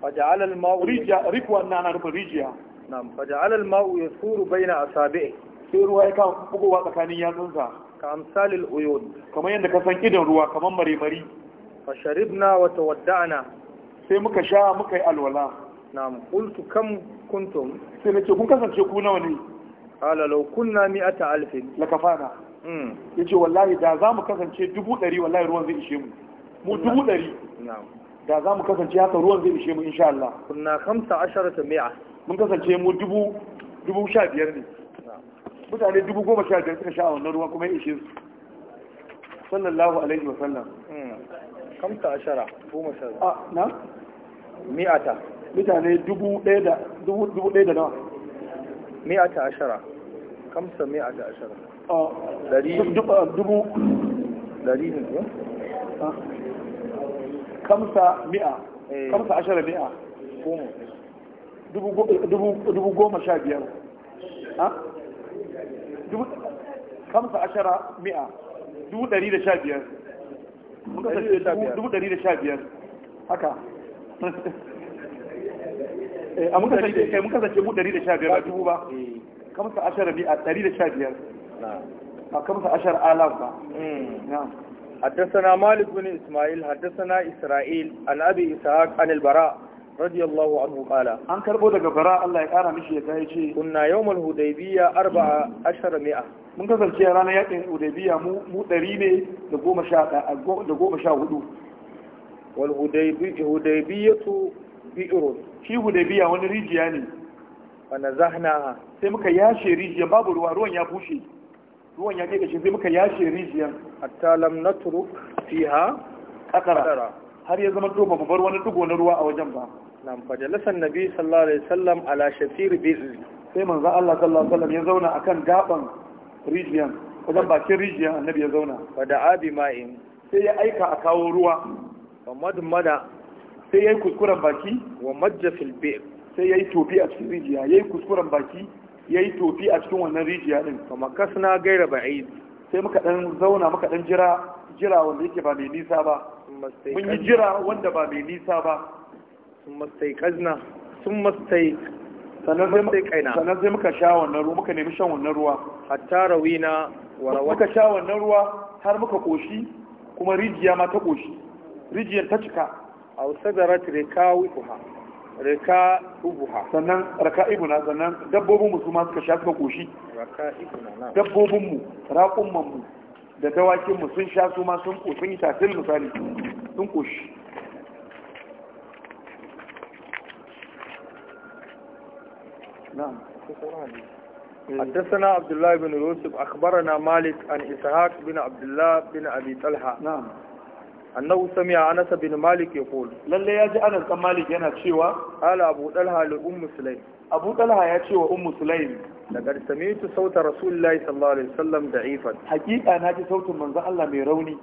faja'al al-ma'u rijiya rikuwa na na rufe rijiya na'am faja'al al-ma'u yasuru baina asabi sai ruwa ya kawo bugowa tsakanin yatsunsa ka amsalil uyun kamar yadda ka san idan ruwa kamar maremari fa sharibna wa tawadda'na sai muka sha muka yi alwala na'am qultu kam kuntum sai na ce kun kasance ku nawa ne ala law kunna mi'ata alfin la kafana hmm. yace wallahi da za mu kasance dubu ɗari wallahi ruwan zai ishe mu mu dubu ɗari da za mu kasance haka ruwan zai ishe mu insha Allah kunna khamsa asharata mi'a mun kasance mu dubu dubu sha biyar ne mutane dubu goma sha biyar suka sha wannan ruwa kuma ya ishe su sallallahu alaihi wa sallam hmm. Kamta ashara goma sha ah, na mi'ata mutane dubu ɗaya da nawa? Mi'a da nawa mi'ata ashara kamsa mi'ata ashara dubu ɗari ne kamsa mi'a eh. kamsa ashara mi'a dubu goma sha biyar kamsa ashara mi'a dubu ɗari da sha biyar dubu ɗari da sha biyar haka Eh, a muka kai eh, muka sace mu 115 a dubu ba eh. kamsa ashar bi a 115 na kamsa ashar alaf ba na haddathana malik bin isma'il haddathana isra'il an abi isaaq an albara radiyallahu anhu qala an karbo daga bara Allah ya kara mishi ya ga yace kunna yawmal hudaybiya 410 mun kasance ranar yakin hudaybiya mu mu 100 da 11 da 14 bi'irun shi hudaybiya wani rijiya ne fa nazahnaha sai muka yashe rijiyar. babu ruwa ruwan ya bushe ruwan ya kai sai muka yashe rijiyan hatta lam natruk fiha qatara har ya zama to ba wani dugo na ruwa a wajen ba nan da jalasa Nabi sallallahu alaihi wasallam ala shafir bi'r sai manzo Allah sallallahu alaihi wasallam ya zauna akan gaban rijiyar. wajen bakin rijiyar annabi ya zauna fa da'a bi ma'in sai ya aika a kawo ruwa fa madmada sai ya yi kuskuren baki wa majja bayan Sai ya yi tofi a cikin rijiya Ya yi kuskuren baki ya yi tofi a cikin wannan rijiya din fa na gaira yi sai muka dan zauna muka dan jira jira wanda yake ba mai nisa ba mun yi jira wanda ba mai nisa ba sun mastai kazna sun mastai sannan sai muka sha wannan ruwa muka nemi shan wannan ruwa hatta rawina warawa muka sha wannan ruwa har muka koshi kuma rijiya ma ta koshi rijiyar ta cika aw sadarat rikawiha rika ubuha sannan raka'ibuna sannan dabbobin mu su ma suka sha suka koshi dabbobin mu raƙumman mu da dawakin mu sun sha su sun yi tatil misali sun koshi نعم حدثنا عبد الله بن يوسف اخبرنا مالك عن اسحاق بن عبد الله بن ابي طلحه نعم annahu sami'a anas bin malik yaqul lalle ya ji anas bin malik yana cewa ala abu dalha li ummu sulaim abu dalha ya ce wa ummu sulaim laqad sami'tu sauta rasulullahi sallallahu alaihi wasallam da'ifan hakika na ji sautin manzo Allah mai rauni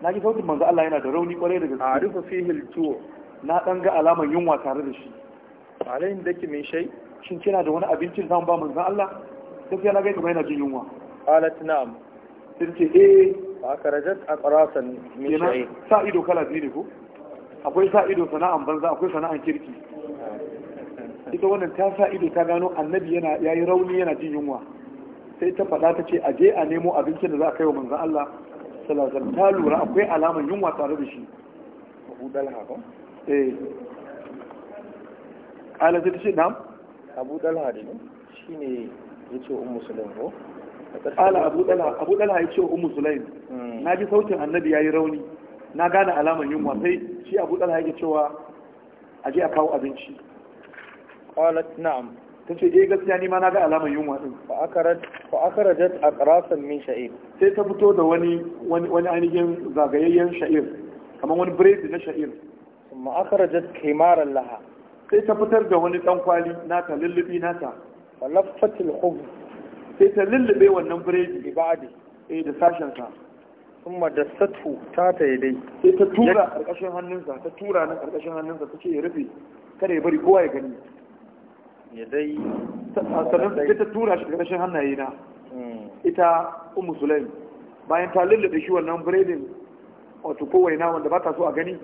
na ji sautin manzo Allah yana da rauni kwarai da gaske arifu fihi al-tu na dan ga alaman yunwa tare da shi alain dake min shay shin kina da wani abincin zan ba manzo Allah gaskiya na ga kuma yana jin yunwa qalat na'am sai ce eh fa akarajat aqrasan min shay'in sa ido kala biyu ne ko akwai sa ido sana'an banza akwai sana'an kirki ita wannan ta sa ido ta gano annabi yana yayi rauni yana jin yunwa sai ta faɗa ta ce a je a nemo abincin da za a kai wa manzon Allah sallallahu alaihi wasallam ta lura akwai alaman yunwa tare da shi Abu Dalha ko eh ala zai ta ce na'am Abu Dalha ne shine yace ummu Sulaim ko kala abu dala ya ce ummu sulaim na ji sautin annabi yayi rauni na gane alamar yunwa sai shi abu dala yake cewa a je a kawo abinci qalat na'am tace eh gaskiya ni ma na ga alamar yunwa din fa akarat fa akarajat aqrasan min sha'ir sai ta fito da wani wani ainihin zagayayyen sha'ir kamar wani biredi na sha'ir ma akarajat kimaran laha sai ta fitar da wani ɗan kwali nata lullubi nata fa laffatil khubz sai ta lullube wannan biredi ibadi ba'adi eh, da sashen sa kuma da satu ta ta dai sai ta tura karkashin hannunsa ta tura nan karkashin hannunsa ta ce ya rufe kada ya bari kowa ya gani ya dai sannan sai ta tura shi karkashin hannaye na hmm. ita ummu sulaim bayan ta lullube shi wannan biredin wato kowai na wanda ba ta so a gani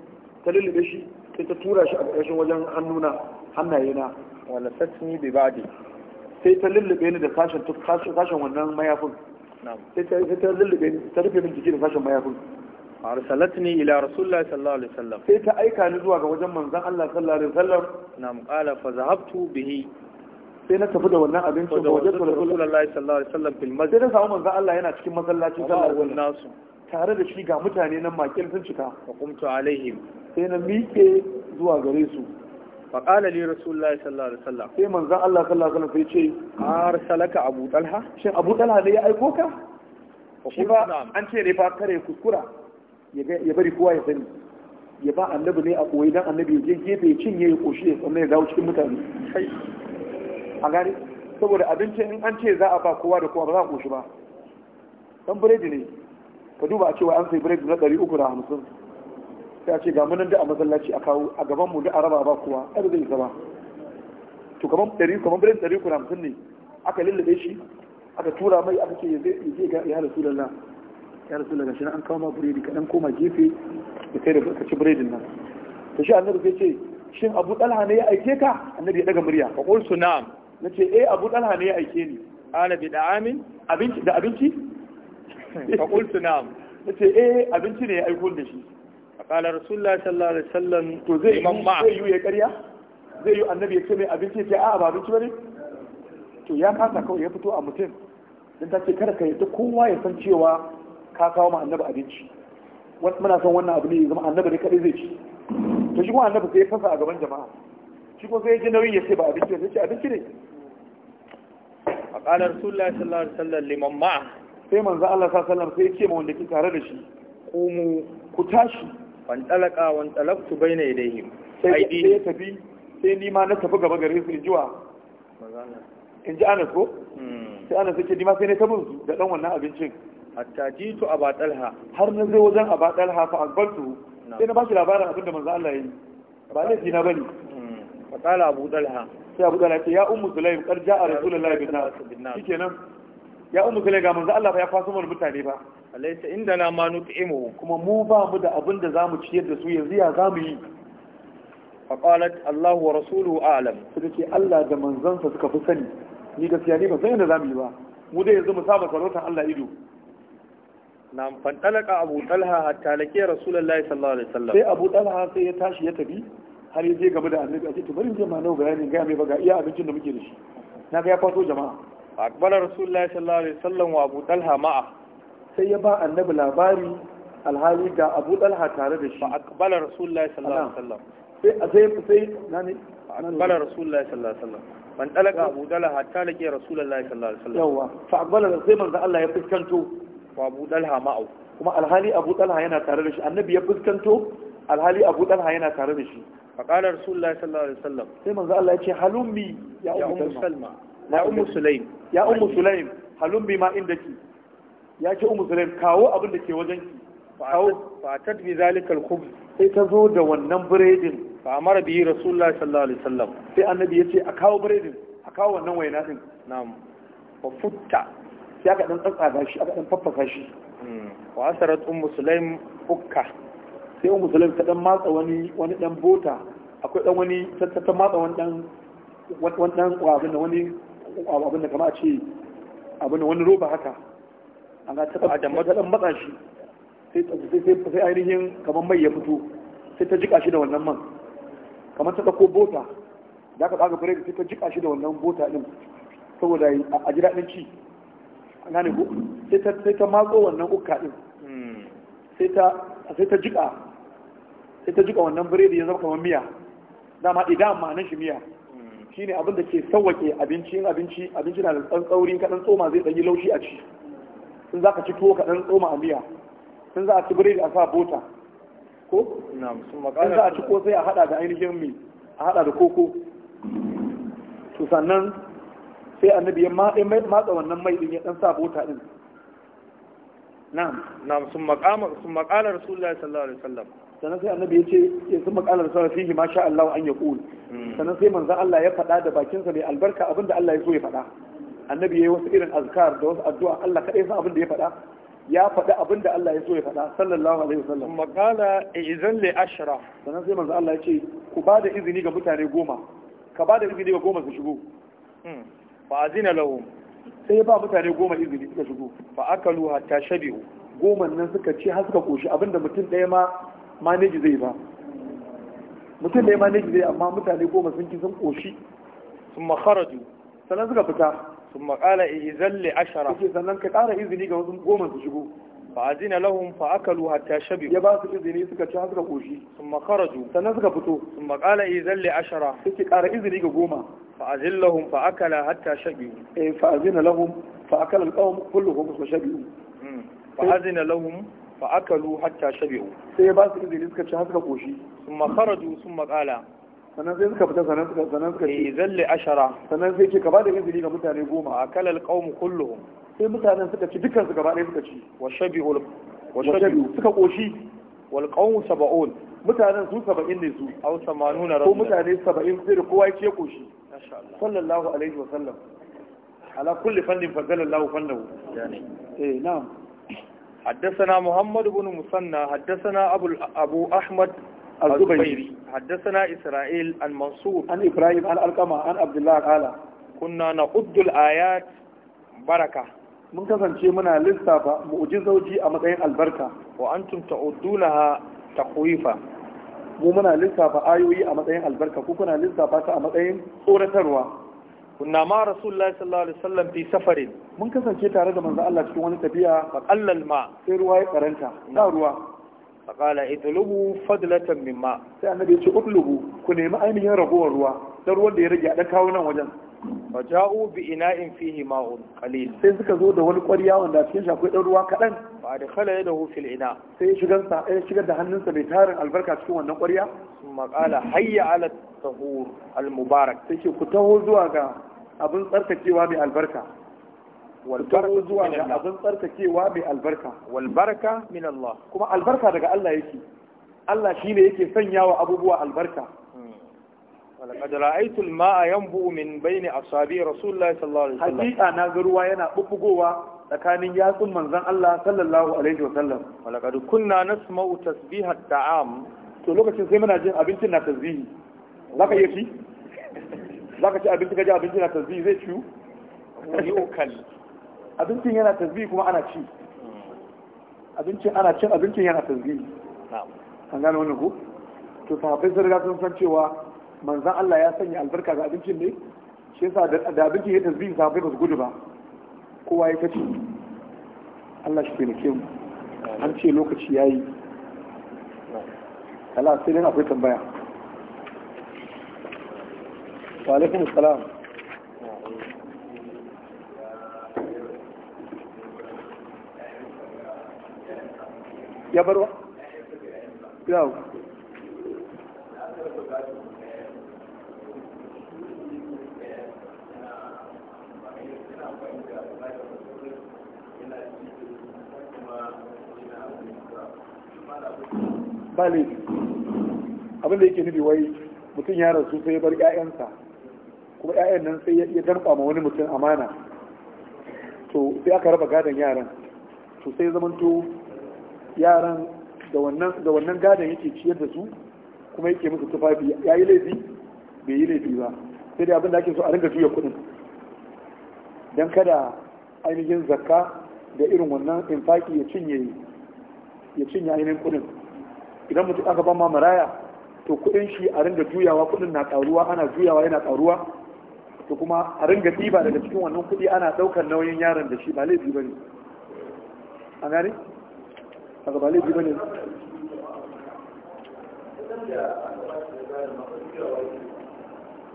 ta lullube shi sai ta tura shi a karkashin wajen hannuna hannaye na wala satni bi ba'adi sai ta lullube ni da sashen sashen wannan mayafin sai ta lullube ni ta rufe min jiki da sashen mayafin arsalatni ila rasulillah sallallahu alaihi wasallam sai ta aika ni zuwa ga wajen manzon Allah sallallahu alaihi wasallam na'am qala fa zahabtu bihi sai na tafi da wannan abincin ga wajen rasulullah sallallahu alaihi wasallam fil masjid sai na samu manzon Allah yana cikin masallaci sallallahu alaihi wasallam tare da shi ga mutane nan makil sun cika fa qumtu alaihim sai na miƙe zuwa gare su faƙala li rasulullah sallallahu alaihi wasallam sai manzon Allah sallallahu sai ce arsalaka abu talha shin abu talha ne ya aiko ka shi ba an ce ne fa kare kuskura ya bari kowa ya sani ya annabi ne a koyi dan annabi ya je gefe cinye ya koshi ya tsamme ya dawo mutane a gane saboda abinci in an ce za a ba kowa da kowa ba za a koshi ba dan biredi ne ka duba a cewa an sai biredi na ɗari uku da hamsin sai ce ga munan da a masallaci a kawo a gaban mu da a raba ba kuwa ɗan zai zaba to kamar ɗari kamar birin ɗari kuna hamsin ne aka lullube shi aka tura mai aka ce ya ga ya rasu lalla ya rasu lalla shi an kawo ma buredi kaɗan koma gefe da kai da ka ci buredin nan to shi annabi sai ce shin abu ɗalha ne ya aike ka annabi ya ɗaga murya ka ƙulsu na'am na ce eh abu ɗalha ne ya aike ni ala bi da amin abinci da abinci ka ƙulsu na'am na ce eh abinci ne ya aiko da shi kala rasulullah sallallahu alaihi wasallam to zai imam zai yi ya ƙarya zai yi annabi ya ce mai abinci ya ce a'a ba abinci bane to ya kasa kawai ya fito a mutum dan ta ce kada ka yadda kowa ya san cewa ka kawo ma annabi abinci muna son wannan abu ne zama annabi ne kadai zai ci to shi kuma annabi sai ya fasa a gaban jama'a shi kuma sai ya ji nauyi ya ce ba abinci ne ce abinci ne a qala rasulullah sallallahu alaihi wasallam liman ma'a sai manzo Allah sallallahu alaihi wasallam sai ya ce ma wanda ke tare da shi mu ku tashi fantalaka wantalaktu bayna yadayhi sai ya tafi sai ni ma na tafi gaba gare su injiwa in ji ana ko hmm. sai ana yake ni ma sai na tafi su da dan wannan abincin hatta jitu aba talha har na zai wajen aba talha fa akbaltu sai na bashi labarin abinda manzo Allah yayi ba laifi na bane hmm. fa qala abu dalha sai abu ce ya ummu sulaim qad jaa rasulullahi bin nas shikenan ya ummu sulaim ga manzo Allah ba ya faso mun mutane ba falaisa inda na ma nut'imu kuma mu ba mu da abin da zamu ciyar da su yanzu ya zamu yi fa qalat Allahu wa rasuluhu a'lam sai ce Allah da manzansa suka fi sani ni gaskiya ne ban san inda zamu yi ba mu dai yanzu mu saba sarautar Allah ido na fantalaka Abu Talha hatta lake Rasulullahi sallallahu alaihi wasallam sai Abu Talha sai ya tashi ya tafi har ya je gaba da annabi a cikin to bari je ma nau bayani ga mai baga iya abincin da muke da shi na ga ya fato jama'a akbar Rasulullahi sallallahu alaihi wasallam wa Abu Talha ma'a sai ya ba annabi labari alhali ga abu dalha tare da shi Ba akbala rasulullahi sallallahu alaihi wasallam sai sai sai nani akbala rasulullahi sallallahu alaihi wasallam man dalaka abu dalha hatta laki rasulullahi sallallahu alaihi wasallam yawa fa akbala sai manzo Allah ya fuskanto wa abu dalha ma'au kuma alhali abu dalha yana tare da shi annabi ya fuskanto alhali abu dalha yana tare da shi fa qala rasulullahi sallallahu alaihi wasallam sai manzo Allah ya ce halummi ya ummu salma ya ummu sulaim ya ummu sulaim halummi ma indaki ya ce ummu sulaim kawo abin da ke wajen ki kawo fa tat bi zalikal khubz sai ta zo da wannan biredin fa amara bi rasulullahi sallallahu alaihi wasallam sai annabi ya ce a kawo biredin a kawo wannan waina din na'am fa futta sai aka dan tsatsaga shi aka dan faffaka shi hmm. wa asarat ummu sulaim ukka sai ummu sulaim ta dan matsa wani wani dan bota akwai dan wani ta ta matsa wani dan wani dan abin da wani abin da kamar a ce abin da wani roba haka an ga ta a damar ta dan matsa shi sai ainihin kamar mai ya fito sai ta jika shi da wannan man kamar ta ɗauko bota da aka ɗaga biredi sai ta jika shi da wannan bota ɗin saboda a ji daɗin ci an gane ko sai ta matso wannan ukka ɗin hmm. sai ta jika sai ta jika wannan biredi ya zama kamar miya dama idan ma'anar shi miya hmm. shine abin da ke sauwake abinci abinci abinci na da tsantsauri kaɗan tsoma zai yi laushi a ci in za ka ci tuwo kaɗan tsoma a miya in za a ci biredi a sa bota ko in za a ci kosai a haɗa da ainihin mi a haɗa da koko to sannan sai annabi ya matsa wannan mai ɗin ya ɗan sa bota din na'am na'am sun maqama sun maqala rasulullahi sallallahu alaihi wasallam sannan sai annabi ya ce ya sun maqala rasulullahi fihi ma sha Allah an yaqul hmm. sannan sai manzo Allah ya faɗa da bakinsa mai albarka abinda Allah ya so ya faɗa annabi yi wasu irin azkar da wasu addu'a Allah kadai san abin da ya faɗa ya faɗi abin da Allah ya so ya faɗa sallallahu alaihi wasallam magana izan li ashra sannan sai manzo Allah ya ce ku ba da izini ga mutane goma ka ba da izini ga goma su shigo hmm. fa azina lahum sai ba mutane goma izini suka shigo fa akalu hatta shabihu goma nan suka ci har suka koshi abinda mutum ɗaya ma maneji zai ba mutum ɗaya maneji zai amma mutane goma sun ci sun koshi sun makharaju sannan suka fita sun maƙala izalli ashara yake sannan ka ƙara izini ga wasu goma su shigo fa azina lahum hatta shabi ya ba su izini suka ci suka koshi sun makaraju sannan suka fito sun maƙala izalli ashara yake ƙara izini ga goma fa azin lahum hatta shabi eh fa azina lahum fa akala alqawm kulluhum shabi fa azina lahum hatta shabi sai ya ba su izini suka ci suka koshi sun makaraju sun maƙala sannan sai suka fita sannan suka sannan suka yi zalle ashara sannan sai ce gaba da izini ga mutane goma a kalal qaum kulluhum sai mutanen suka ci dukkan su gaba ɗaya suka ci wa shabi'ul wa shabi'u suka koshi wal qaum sab'un mutanen su 70 ne su aw 80 rajul ko mutane 70 sai da kowa ya ce koshi sallallahu alaihi wa sallam ala kulli fannin fadala Allah fannahu eh na'am حدثنا محمد بن مسنى حدثنا أبو, أبو أحمد الزبيري حدثنا إسرائيل عن منصور عن إبراهيم عن القمة عن عبد الله قال كنا نعد الآيات بركة mun kasance muna lissafa mu'jizoji a matsayin albarka wa antum ta'uddunaha takhwifa mu muna lissafa ayoyi a matsayin albarka ku kuna lissafa ta a matsayin tsoratarwa kunna ma rasulullahi sallallahu alaihi wasallam fi safarin mun kasance tare da manzo Allah cikin wani tafiya fa qallal ma sai ruwa ya karanta na ruwa faƙala itlubu fadlatan mimma ma sai annabi ya ce utlubu ku nemi ainihin ragowar ruwa da ruwan da ya rage a ɗan kawo nan wajen fa ja'u bi ina'in fihi ma'un qalil sai suka zo da wani ƙwarya wanda cikin shi akwai dan ruwa kaɗan fa adkhala yadahu fil ina sai shigar sa ya shigar da hannunsa mai tarin albarka cikin wannan ƙwarya thumma qala hayya ala tahur al mubarak sai ce ku taho zuwa ga abin tsarkakewa mai albarka والبركة زوا من أبن تركي وابي البركة والبركة من الله كما البركة yake الله يكي الله شيني يكي سنيا وأبوبوا البركة ولقد رأيت الماء ينبو من بين أصابع رسول الله alaihi الله عليه وسلم حقيقة نظروا yana ببقوا tsakanin yatsun manzon Allah sallallahu alaihi wa sallam walaqad kunna nasma'u tasbihat ta'am to lokacin sai muna jin abincin na tasbihi zaka yi shi zaka ci abinci ka ji abincin na tasbihi zai ciwu abincin yana tasbihi kuma ana ci abincin ana cin abincin yana tasbihi an gane wannan ko to sahabbai sun riga sun san cewa manzan Allah ya sanya albarka ga abincin ne shi yasa da abincin ya tasbihi sahabbai ba su gudu ba kowa ya kace Allah shi ke mu an ce lokaci yayi Allah sai dai akwai tambaya wa alaikum assalam ya barwa yawo abinda yake nufi wai mutum ya rasu sai ya bar 'ya'yansa kuma 'ya'yan nan sai ya danƙa ma wani mutum amana to sai aka raba gadon yaran to sai zamanto yaran da wannan gadon yake ciyar da su kuma yake musu tufafi ya yi laifi bai yi laifi ba sai dai abin da ake so a ringa juya kudin don kada ainihin zakka da irin wannan infaki ya cinye ya cinye ainihin kudin idan mutum aka ba ma maraya to kudin shi a ringa juyawa kudin na karuwa ana juyawa yana karuwa to kuma a ringa diba daga cikin wannan kudi ana daukar nauyin yaron da shi ba laifi ne, a gani a gaba laifi ba ne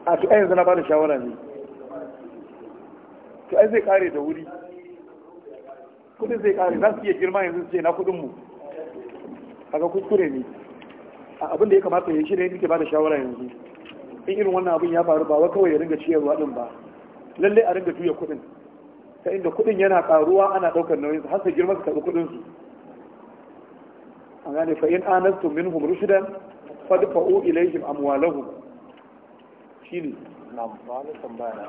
a to yanzu na ba da shawara ne to ai zai kare da wuri kudin zai kare za su iya girma yanzu su ce na kudinmu. a ga kuskure ne abin da ya kamata ya shirya yake ba da shawara yanzu in irin wannan abin ya faru ba kawai ya ringa ciyarwa din ba lallai a ringa juya kudin ta inda kudin yana karuwa ana daukar nauyin har su girma su karbi kudin an gane fa in anastu minhum rushdan fadfa'u ilayhim amwalahum shine na ba ni tambaya na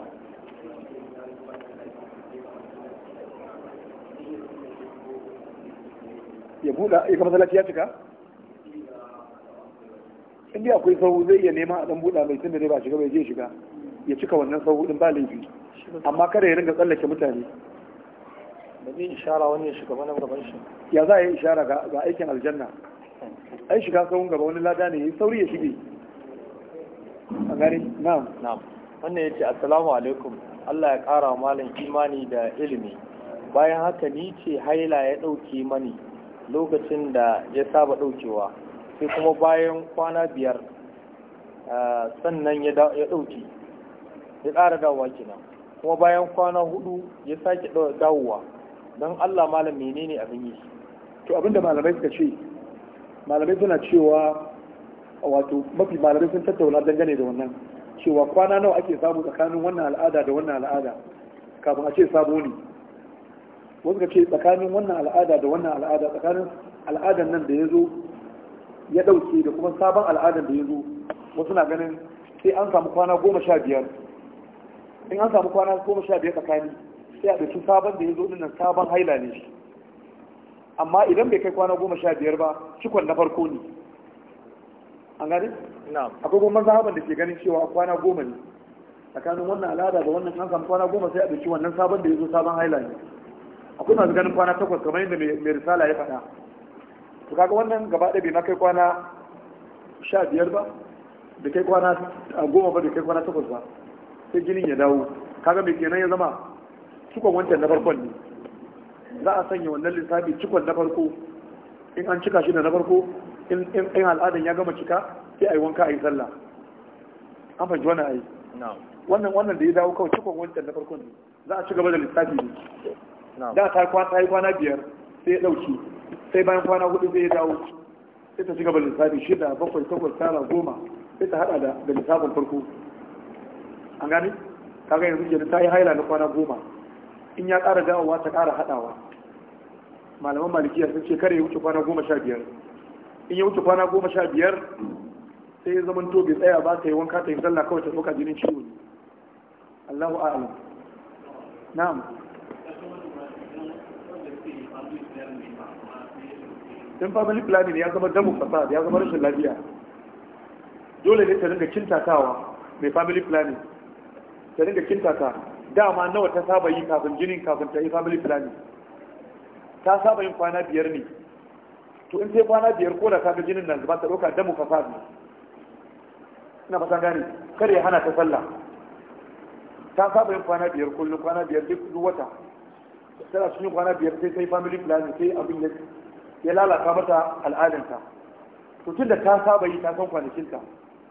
ya buɗa ya kama salati ya cika inda akwai sahu zai iya nema a dan buɗa mai tunda dai ba shiga bai je shiga ya cika wannan sahu din ba laifi amma kada ya ringa tsallake mutane da zai ishara wani ya shiga wani gaban shi ya za a yi ishara ga aikin aljanna ai shiga sauran gaba wani lada ne ya sauri ya shige a gari na'am na'am wannan yace assalamu alaikum Allah ya kara malam imani da ilimi bayan haka ni ce haila ya dauke mani lokacin da ya saba daukewa sai kuma bayan kwana biyar sannan ya dauke ya ƙara dawowa kenan kuma bayan kwana hudu ya sake dawowa don Allah malam menene abin yi to abinda malamai suka ce malamai suna cewa wato mafi malamai sun tattauna dangane da wannan cewa kwana nawa ake samu tsakanin wannan al'ada da wannan al'ada kafin a ce sabo ne wasu ka ce tsakanin wannan al'ada da wannan al'ada tsakanin al'adan nan da ya zo ya ɗauke da kuma sabon al'adan da ya zo wasu na ganin sai an samu kwana goma sha biyar in an samu kwana goma sha biyar tsakani sai a ɗauki sabon da ya zo nan sabon haila ne shi amma idan bai kai kwana goma sha biyar ba cikon na farko ne an gani? akwai goma mazhaban da ke ganin cewa kwana goma ne tsakanin wannan al'ada da wannan an samu kwana goma sai a ɗauki wannan sabon da ya zo sabon haila ne akwai masu ganin kwana takwas kamar yadda mai risala ya faɗa to kaga wannan gaba ɗaya bai na kai kwana sha biyar ba da kai kwana goma ba da kai kwana takwas ba sai jinin ya dawo kaga mai kenan ya zama cikon wancan na farkon ne za a sanya wannan lissafi cikon na farko in an cika shi da na farko in al'adan ya gama cika sai a yi wanka a yi sallah an fahimci wani ayi wannan wannan da ya dawo kawai cikon wancan na farkon ne za a ci gaba da lissafi ne da ta yi kwana biyar sai ya ɗauki sai bayan kwana hudu sai ya dawo sai ta ci gaba da lissafi shida bakwai takwas tara goma sai ta hada da lissafin farko an gani kaga yanzu kenan ta yi haila na kwana goma in ya ƙara dawowa ta ƙara haɗawa malaman malikiya sun ce kare ya wuce kwana goma sha biyar in ya wuce kwana goma sha biyar sai ya zaman to bai tsaya ba ta yi wanka ta yi zalla kawai ta ɗauka jinin ciwo ne allahu a'alam na'am dan family planning ya zama damu fasad ya zama rashin lafiya dole ne ta dinga kintatawa mai family planning ta dinga kintata dama nawa ta saba yi kafin jinin kafin ta yi family planning ta saba yin kwana biyar ne to in sai kwana biyar ko da ga jinin nan zuba ta ɗauka damu fasad fadi ina fatan gane kada ya hana ta sallah ta saba yin kwana biyar kullum kwana biyar duk wata tana cikin kwana biyar sai sai family planning sai abin ya lalata mata al'adanta to tun da ta saba yi ta san kwanakinta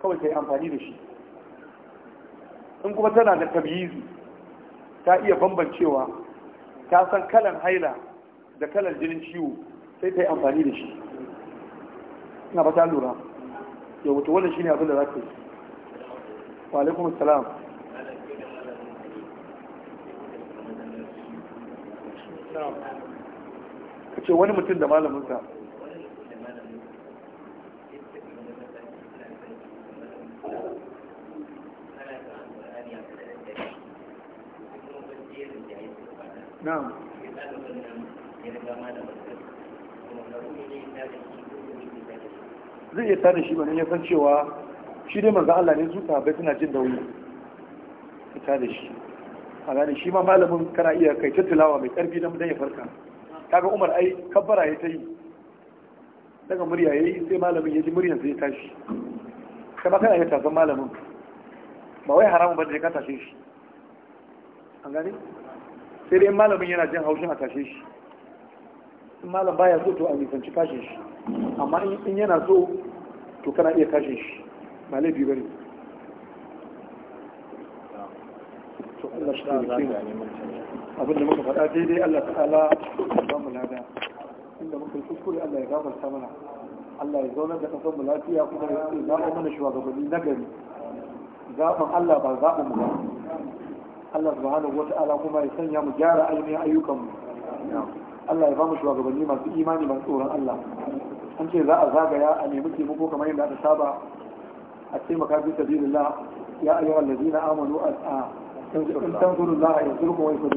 kawai ta yi amfani da shi in kuma tana da tabyizi ta iya bambancewa ta san kalan haila da kalan jinin ciwo sai ta yi amfani da shi ina ba ta lura ya wuce wannan shine abin da za ta yi wa alaikum salam ka ce wani mutum da malaminsa na'am zai iya tada shi bane ya san cewa shi dai manzo Allah ne su bai suna jin dauri ka tada shi a gane shi ma malamin kana iya kai ta tilawa mai karfi dan dan ya farka kaga Umar ai kabbara ya tayi daga murya yayi sai malamin ya ji muryar sai ya tashi kama kana iya tasan malamin ba wai haramun ba da ya ka tashe shi an gane sai dai malamin yana jin haushin a tashe shi in malam baya so to a nisanci kashe shi amma in yana so to kana iya kashe shi ba laifi bane to abin da muka faɗa daidai Allah ta'ala ba mu lada inda muka yi kuskure Allah ya gafarta mana Allah ya zauna da kasar mu lafiya kuma ya zaɓa mana shugabanni na gari zaɓin Allah ba zaɓin mu ba Allah subhanahu ta'ala kuma ya sanya mu gyara ainihin ayyukanmu Allah ya bamu shugabanni masu imani masu tsoron Allah an ce za a zagaya a nemi taimako kamar yadda aka saba a taimaka bi sabilillah ya ayyuhal ladina amanu a in wa